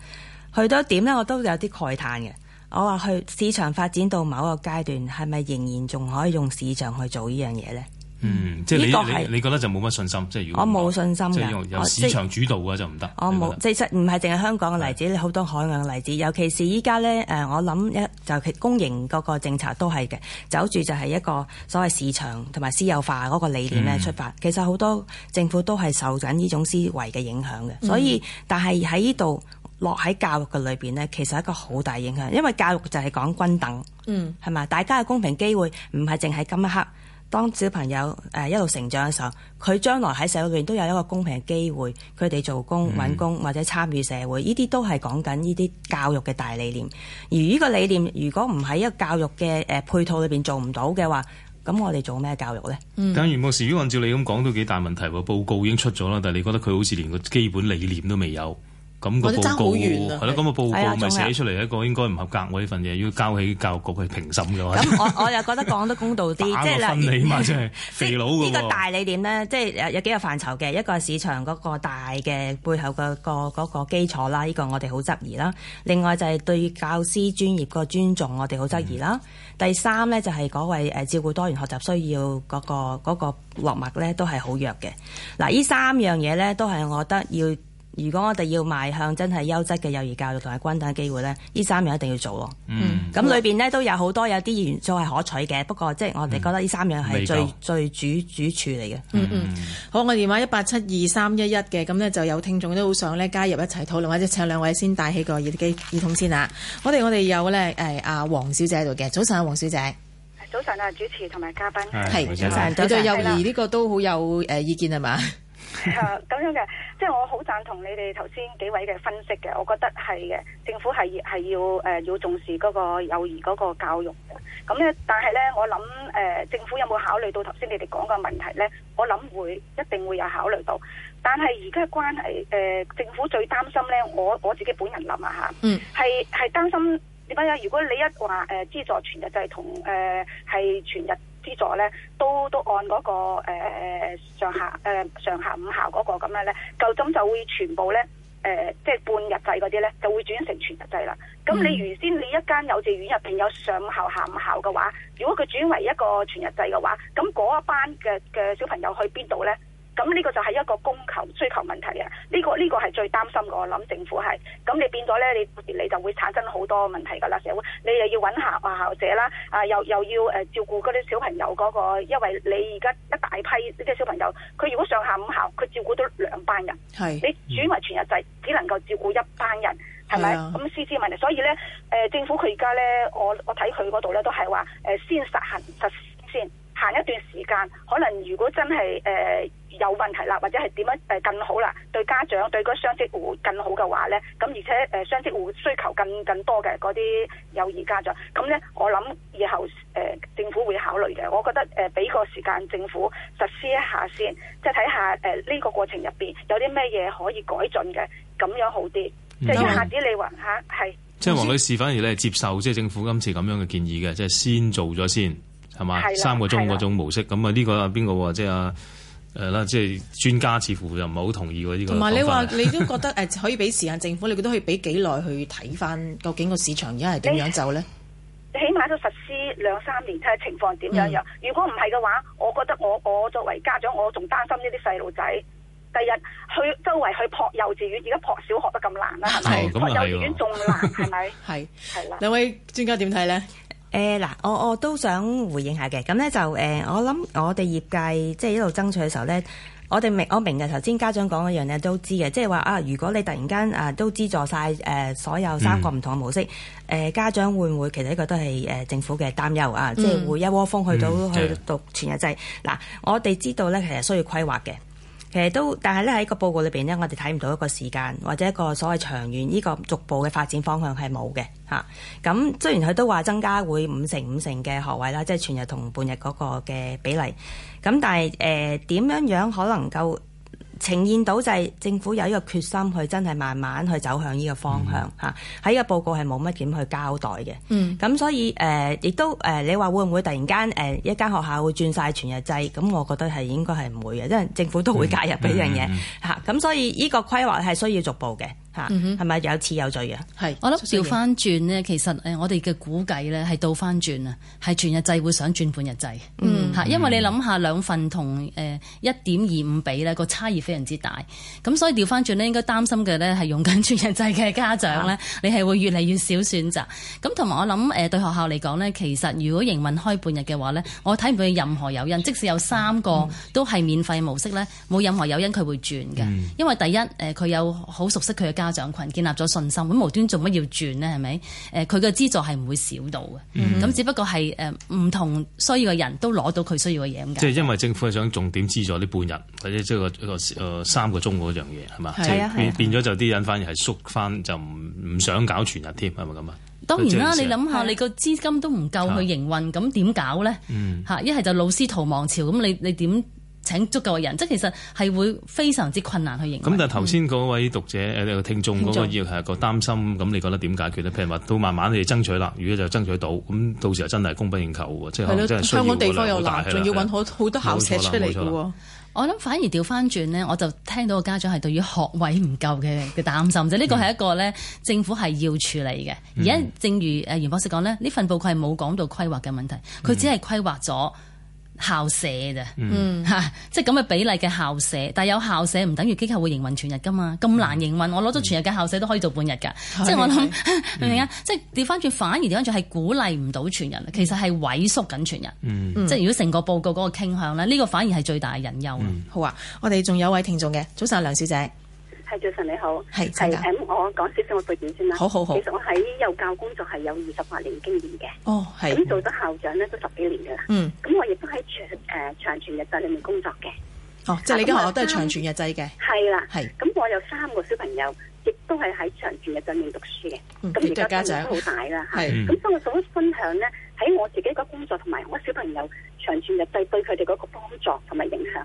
去到一點呢，我都有啲慨嘆嘅。我話去市場發展到某一個階段，係咪仍然仲可以用市場去做呢樣嘢呢？嗯，即係你你覺得就冇乜信心，即係如果我冇信心，即係由市場主導嘅就唔得。我冇，即係實唔係淨係香港嘅例子，好多海外嘅例子，尤其是依家咧誒，我諗一就係公營嗰個政策都係嘅，走住就係一個所謂市場同埋私有化嗰個理念咧出發。嗯、其實好多政府都係受緊呢種思維嘅影響嘅，所以、嗯、但係喺呢度落喺教育嘅裏邊呢，其實一個好大影響，因為教育就係講均等，嗯，係咪？大家嘅公平機會唔係淨係今一刻。當小朋友誒、呃、一路成長嘅時候，佢將來喺社會裏邊都有一個公平嘅機會，佢哋做工、搵工或者參與社會，呢啲都係講緊呢啲教育嘅大理念。而呢個理念如果唔喺一個教育嘅誒配套裏邊做唔到嘅話，咁我哋做咩教育呢？咧、嗯？但袁女士如果按照你咁講都幾大問題喎，報告已經出咗啦，但係你覺得佢好似連個基本理念都未有。咁個報告係咯，咁、這個報告咪、哎、呀寫出嚟一個應該唔合格，我呢份嘢要交起教育局去評審嘅。咁我我又覺得講得公道啲，即係啦，你咪真係肥佬。呢個大理念咧，即、就、係、是、有，有幾個範疇嘅，一個係市場嗰個大嘅背後、那個個嗰、那個基礎啦，呢、這個我哋好質疑啦。另外就係對教師專業個尊重我，我哋好質疑啦。第三咧就係、是、嗰位誒、呃、照顧多元學習需要嗰、那個嗰、那個那個落墨咧，都係好弱嘅。嗱，呢三樣嘢咧，都係我覺得要。如果我哋要邁向真係優質嘅幼兒教育同埋均等機會咧，呢三樣一定要做咯。咁、mm，裏邊呢都有好多有啲元素係可取嘅，不過即係我哋覺得呢三樣係最、mm、最主主柱嚟嘅。嗯嗯，好，我電話一八七二三一一嘅，咁呢就有聽眾都好想咧加入一齊討論，或者請兩位先戴起個耳機耳筒先啦。我哋我哋有咧誒阿黃小姐喺度嘅，早晨啊黃小姐。早晨啊主持同埋嘉賓，係 [coughs] 早，早，早晨，對住幼兒呢個都好有誒意見係嘛？ [coughs] 咁 [laughs] 樣嘅，即係我好贊同你哋頭先幾位嘅分析嘅，我覺得係嘅，政府係係要誒要、呃、重視嗰個幼兒嗰個教育嘅。咁咧，但係咧，我諗誒、呃、政府有冇考慮到頭先你哋講嘅問題咧？我諗會一定會有考慮到，但係而家關係誒、呃，政府最擔心咧，我我自己本人諗啊吓，係係擔心點解啊？如果你一話誒、呃、資助全日就係同誒係、呃、全日。資助咧，都都按嗰、那個誒誒、呃、上下誒、呃、上下午校嗰個咁樣咧，舊針就會全部咧誒、呃，即係半日制嗰啲咧，就會轉成全日制啦。咁你原先你一間幼稚園入邊有上午校、下午校嘅話，如果佢轉為一個全日制嘅話，咁嗰一班嘅嘅小朋友去邊度咧？咁呢個就係一個供求需求問題啊！呢、這個呢、這個係最擔心嘅，我諗政府係咁，你變咗呢，你你就會產生好多問題㗎啦，社會你又要揾校啊校者啦，啊又又要照顧嗰啲小朋友嗰、那個，因為你而家一大批呢啲小朋友，佢如果上下午校，佢照顧到兩班人，是你主要係全日制，只能夠照顧一班人，係咪？咁師資問題，所以呢，呃、政府佢而家呢，我我睇佢嗰度呢，都係話、呃、先實行實行先實行，實行，行一段時間，可能如果真係誒。呃嗯呃呃有問題啦，或者係點樣誒更好啦？對家長對嗰雙職戶更好嘅話咧，咁而且誒、呃、雙職戶需求更更多嘅嗰啲友誼家長咁咧，我諗以後誒、呃、政府會考慮嘅。我覺得誒俾、呃、個時間政府實施一下先，即係睇下誒呢個過程入邊有啲咩嘢可以改進嘅，咁樣好啲，即係一下子你話嚇係即係袁女士反而你接受即係政府今次咁樣嘅建議嘅，即係先做咗先係嘛三個鐘嗰種模式咁啊？呢個邊個即係啊？ 誒啦，即係專家似乎又唔係好同意喎，呢個講法，同埋你話你都覺得誒可以俾時間政府，你覺得可以俾幾耐去睇翻究竟個市場而家係點樣走咧？你起碼都實施兩三年睇下情況點樣樣。嗯、如果唔係嘅話，我覺得我我作為家長，我仲擔心呢啲細路仔第日去周圍去撲幼稚園，而家撲小學都咁難啦，係咪？咁幼稚園仲難係咪？係係啦。兩位專家點睇咧？誒嗱、呃，我我都想回應下嘅，咁咧就誒、呃，我諗我哋業界即係一路爭取嘅時候咧，我哋明我明嘅頭先家長講嗰樣嘢都知嘅，即係話啊，如果你突然間啊都資助晒誒所有三個唔同嘅模式，誒、呃、家長會唔會其實呢個都係誒、呃、政府嘅擔憂啊？嗯、即係會一窩蜂去到、嗯、去讀全日制。嗱的、啊，我哋知道咧其實需要規劃嘅。其實都，但係咧喺個報告裏邊咧，我哋睇唔到一個時間或者一個所謂長遠呢個逐步嘅發展方向係冇嘅嚇。咁、啊、雖然佢都話增加會五成五成嘅學位啦，即、就、係、是、全日同半日嗰個嘅比例。咁但係誒點樣樣可能夠，呈現到就係政府有一個決心去真係慢慢去走向呢個方向嚇，喺、嗯啊、個報告係冇乜點去交代嘅。咁、嗯、所以誒亦、呃、都誒、呃，你話會唔會突然間誒、呃、一間學校會轉晒全日制？咁我覺得係應該係唔會嘅，因為政府都會介入呢樣嘢嚇。咁、嗯嗯嗯啊、所以呢個規劃係需要逐步嘅。嚇，係咪有次有罪啊？係，我諗調翻轉呢，其實誒我哋嘅估計呢，係倒翻轉啊，係全日制會想轉半日制，嚇、嗯，因為你諗下兩份同誒一點二五比呢，個差異非常之大，咁所以調翻轉呢，應該擔心嘅呢，係用緊全日制嘅家長呢，啊、你係會越嚟越少選擇。咁同埋我諗誒對學校嚟講呢，其實如果營運開半日嘅話呢，我睇唔到任何誘因，即使有三個都係免費模式呢，冇任何誘因佢會轉嘅，因為第一誒佢有好熟悉佢嘅家家、啊、長群建立咗信心，咁無端做乜要轉呢？係咪？誒，佢嘅資助係唔會少到嘅。咁、mm hmm. 只不過係誒，唔同需要嘅人都攞到佢需要嘅嘢、嗯、即係因為政府係想重點資助呢半日，或者即係個誒三個鐘嗰樣嘢，係嘛？變變咗就啲人反而係縮翻，就唔唔想搞全日添，係咪咁啊？當然啦，你諗下，啊、你個資金都唔夠去營運，咁點、啊、搞咧？吓，一係就老師逃亡潮，咁你你點？你請足夠嘅人，即係其實係會非常之困難去應。咁但係頭先嗰位讀者誒，呢個、嗯、聽眾嗰個要求係個擔心，咁眾你覺得點解決呢？譬如話都慢慢你哋爭取啦，如果就爭取到，咁到時係真係供不應求喎，的即係真係香港地方又難，仲要揾好好多校舍出嚟嘅喎。我諗反而調返轉呢，我就聽到個家長係對於學位唔夠嘅嘅擔心啫。呢個係一個呢政府係要處理嘅。而家、嗯、正如誒袁博士講呢，呢份報告係冇講到規劃嘅問題，佢、嗯、只係規劃咗。校舍咋？嚇、嗯啊，即係咁嘅比例嘅校舍，但係有校舍唔等於機構會營運全日㗎嘛？咁難營運，我攞咗全日嘅校舍都可以做半日㗎。即係我諗，明唔明啊？即係調翻轉，反而調翻轉係鼓勵唔到全日，其實係萎縮緊全日。嗯、即係如果成個報告嗰個傾向咧，呢、呢個反而係最大嘅隱憂。嗯、好啊，我哋仲有一位聽眾嘅，早晨梁小姐。係早晨你好，係係咁，我講少少我背景先啦。好好好，其實我喺幼教工作係有二十八年經驗嘅。哦、oh, 是，係咁做咗校長咧都十幾年噶啦。嗯、mm.，咁我亦都喺長誒長全日制裏面工作嘅。哦，即係你而家學都係長全日制嘅。係、啊嗯、是啦，係。咁我有三個小朋友，亦都係喺長全日制裏面讀書嘅。咁而家壓力都好大啦。係、嗯。咁，是所以我想分享咧，喺我自己個工作同埋我小朋友長全日制對佢哋嗰個幫助同埋影響。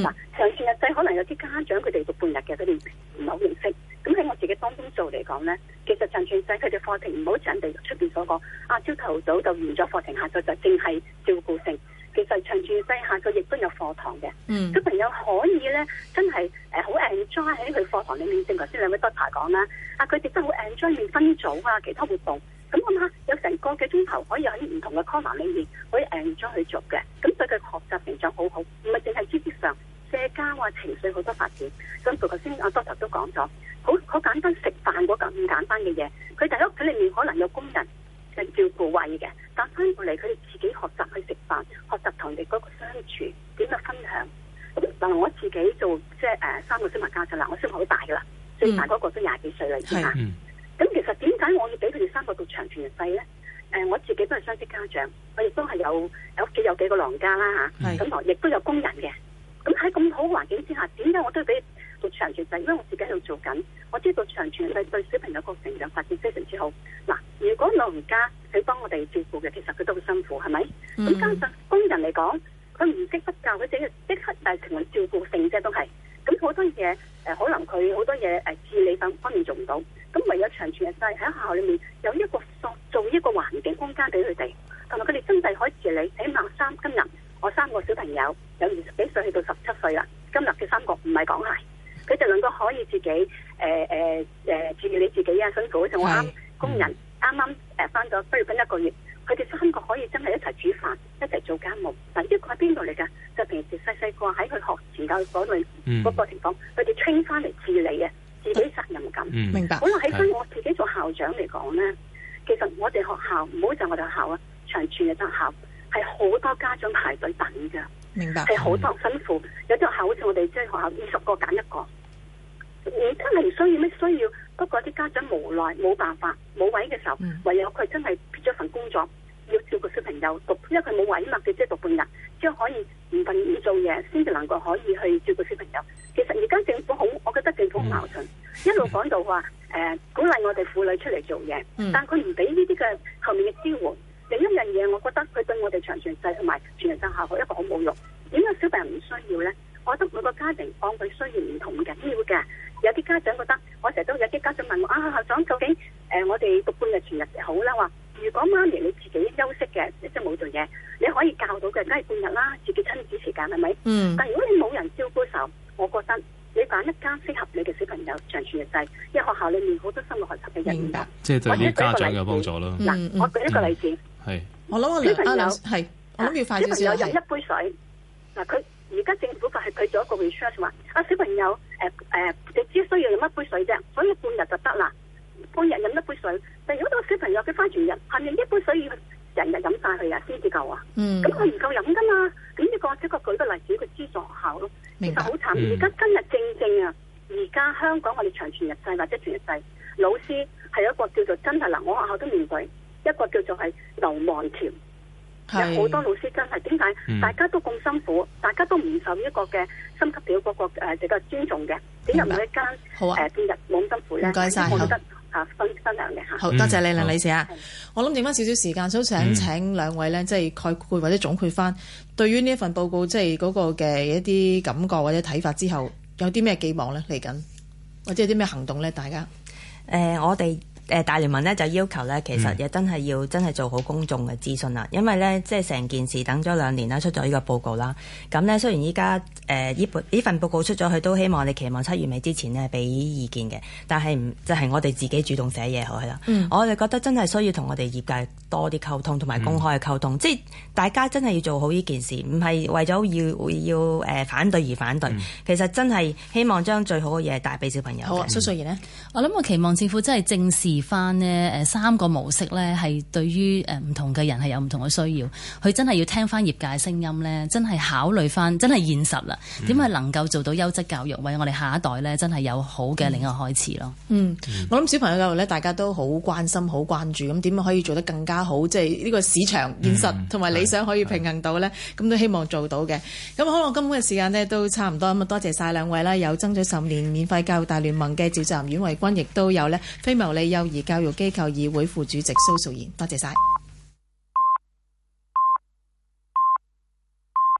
嗱，長全、嗯、日制可能有啲家長佢哋讀半日嘅，佢哋唔係好認識。咁喺我自己當中做嚟講咧，其實長全日制佢哋課程唔好似人哋出邊所講，啊朝頭早就完咗課程下，下晝就淨係照顧性。其實長全日制下，佢亦都有課堂嘅。嗯，小朋友可以咧，真係誒好 enjoy 喺佢課堂裡面。正頭先兩位 Doctor 講啦，啊佢哋都好 enjoy 面分組啊，其他活動。咁啊嘛，有成個幾鐘頭可以喺唔同嘅 corner 裏面，可以誒，將去做嘅。咁對佢學習成長好好，唔係淨係知識上社交啊，情緒好多發展。咁佢頭先阿 doctor 都講咗，好好簡單食飯嗰咁簡單嘅嘢，佢就喺屋企裏面可能有工人嘅照顧餵嘅，但返到嚟佢哋自己學習去食飯，學習同你嗰個相處，點樣分享。咁嗱，我自己做即係誒三個小朋教授啦，我小好大噶啦，最大嗰個都廿幾歲啦，係嘛、mm. 啊。咁其實點解我要俾佢哋三個讀長全細咧？誒、呃，我自己都係雙職家長，我亦都係有喺屋企有幾個老人家啦吓，咁同亦都有工人嘅。咁喺咁好環境之下，點解我都要俾讀長全細？因為我自己喺度做緊，我知道長全細對小朋友個成長發展非常之好。嗱，如果老人家佢幫我哋照顧嘅，其實佢都好辛苦，係咪？咁加上工人嚟講，佢唔識得教佢哋，即刻帶同佢照顧性啫，都係。咁好多嘢誒、呃，可能佢好多嘢誒、呃，自理方方面做唔到。咁唯有長全日制喺學校裏面有一個塑造一個環境空間俾佢哋，同埋佢哋真係可以自理。起碼三今日我三個小朋友有二十幾歲去到十七歲啦，今日嘅三個唔係講鞋，佢哋兩個可以自己誒誒誒處理自己啊，辛苦就我啱工人啱啱誒返咗菲律賓一個月，佢哋三個可以真係一齊煮飯，一齊做家務。唔知佢喺邊度嚟㗎？就平時細細個喺佢學前教所裏嗰個情況。嗯頭疼。或者對家長有幫助啦。嗱，我舉一個例子。係。我攞個小朋友係，我諗住小朋友飲一杯水。嗱是，佢而家政府就係佢做一個 research 話，啊小朋友，誒、呃、誒，你、呃、只需要飲一杯水啫，所以半日就得啦。半日飲一杯水，但係如果個小朋友佢返全日，係咪一杯水要成日飲晒佢啊先至夠啊？咁佢唔夠飲㗎嘛？咁你、這個小個舉個例子，佢資助學校咯。其實明白。好慘！而家今日正正啊，而家香港我哋長全日制或者全日制老師。係一個叫做真係啦，我學校都面對一個叫做係流亡潮，有好多老師真係點解？大家都咁辛苦，大家都唔受一個嘅薪級表嗰個誒，比較尊重嘅，點入嚟一間好啊？誒，邊日冇咁辛苦咧？唔該晒，我覺得啊，分分享嘅吓。好，多謝你，梁女士啊！我諗剩翻少少時間，都想請兩位咧，即係概括或者總括翻對於呢一份報告，即係嗰個嘅一啲感覺或者睇法之後，有啲咩寄望咧嚟緊，或者有啲咩行動咧，大家？誒，我哋。誒大聯盟咧就要求咧，其實也真係要真係做好公眾嘅諮詢啦，因為咧即係成件事等咗兩年啦，出咗呢個報告啦。咁咧雖然依家誒依本份報告出咗去，都希望你期望七月尾之前咧俾意見嘅，但係唔就係我哋自己主動寫嘢好啦。嗯、我哋覺得真係需要同我哋業界多啲溝通，同埋公開嘅溝通，嗯、即係大家真係要做好呢件事，唔係為咗要要誒反對而反對。嗯、其實真係希望將最好嘅嘢帶俾小朋友嘅。蘇淑賢呢，我諗我期望政府真係正視。翻呢誒三個模式呢，係對於誒唔同嘅人係有唔同嘅需要。佢真係要聽翻業界聲音呢，真係考慮翻，真係現實啦。點係能夠做到優質教育，為我哋下一代呢，真係有好嘅另一個開始咯、嗯。嗯，我諗小朋友教育呢，大家都好關心、好關注。咁點樣可以做得更加好？即係呢個市場現實同埋、嗯、理想可以平衡到呢？咁、嗯、都希望做到嘅。咁可能今日時間呢，都差唔多，咁啊多謝晒兩位啦。有爭取十五年免費教育大聯盟嘅趙澤林、袁慧筠，亦都有呢非牟利幼而教育機構議會副主席蘇淑賢，多謝晒。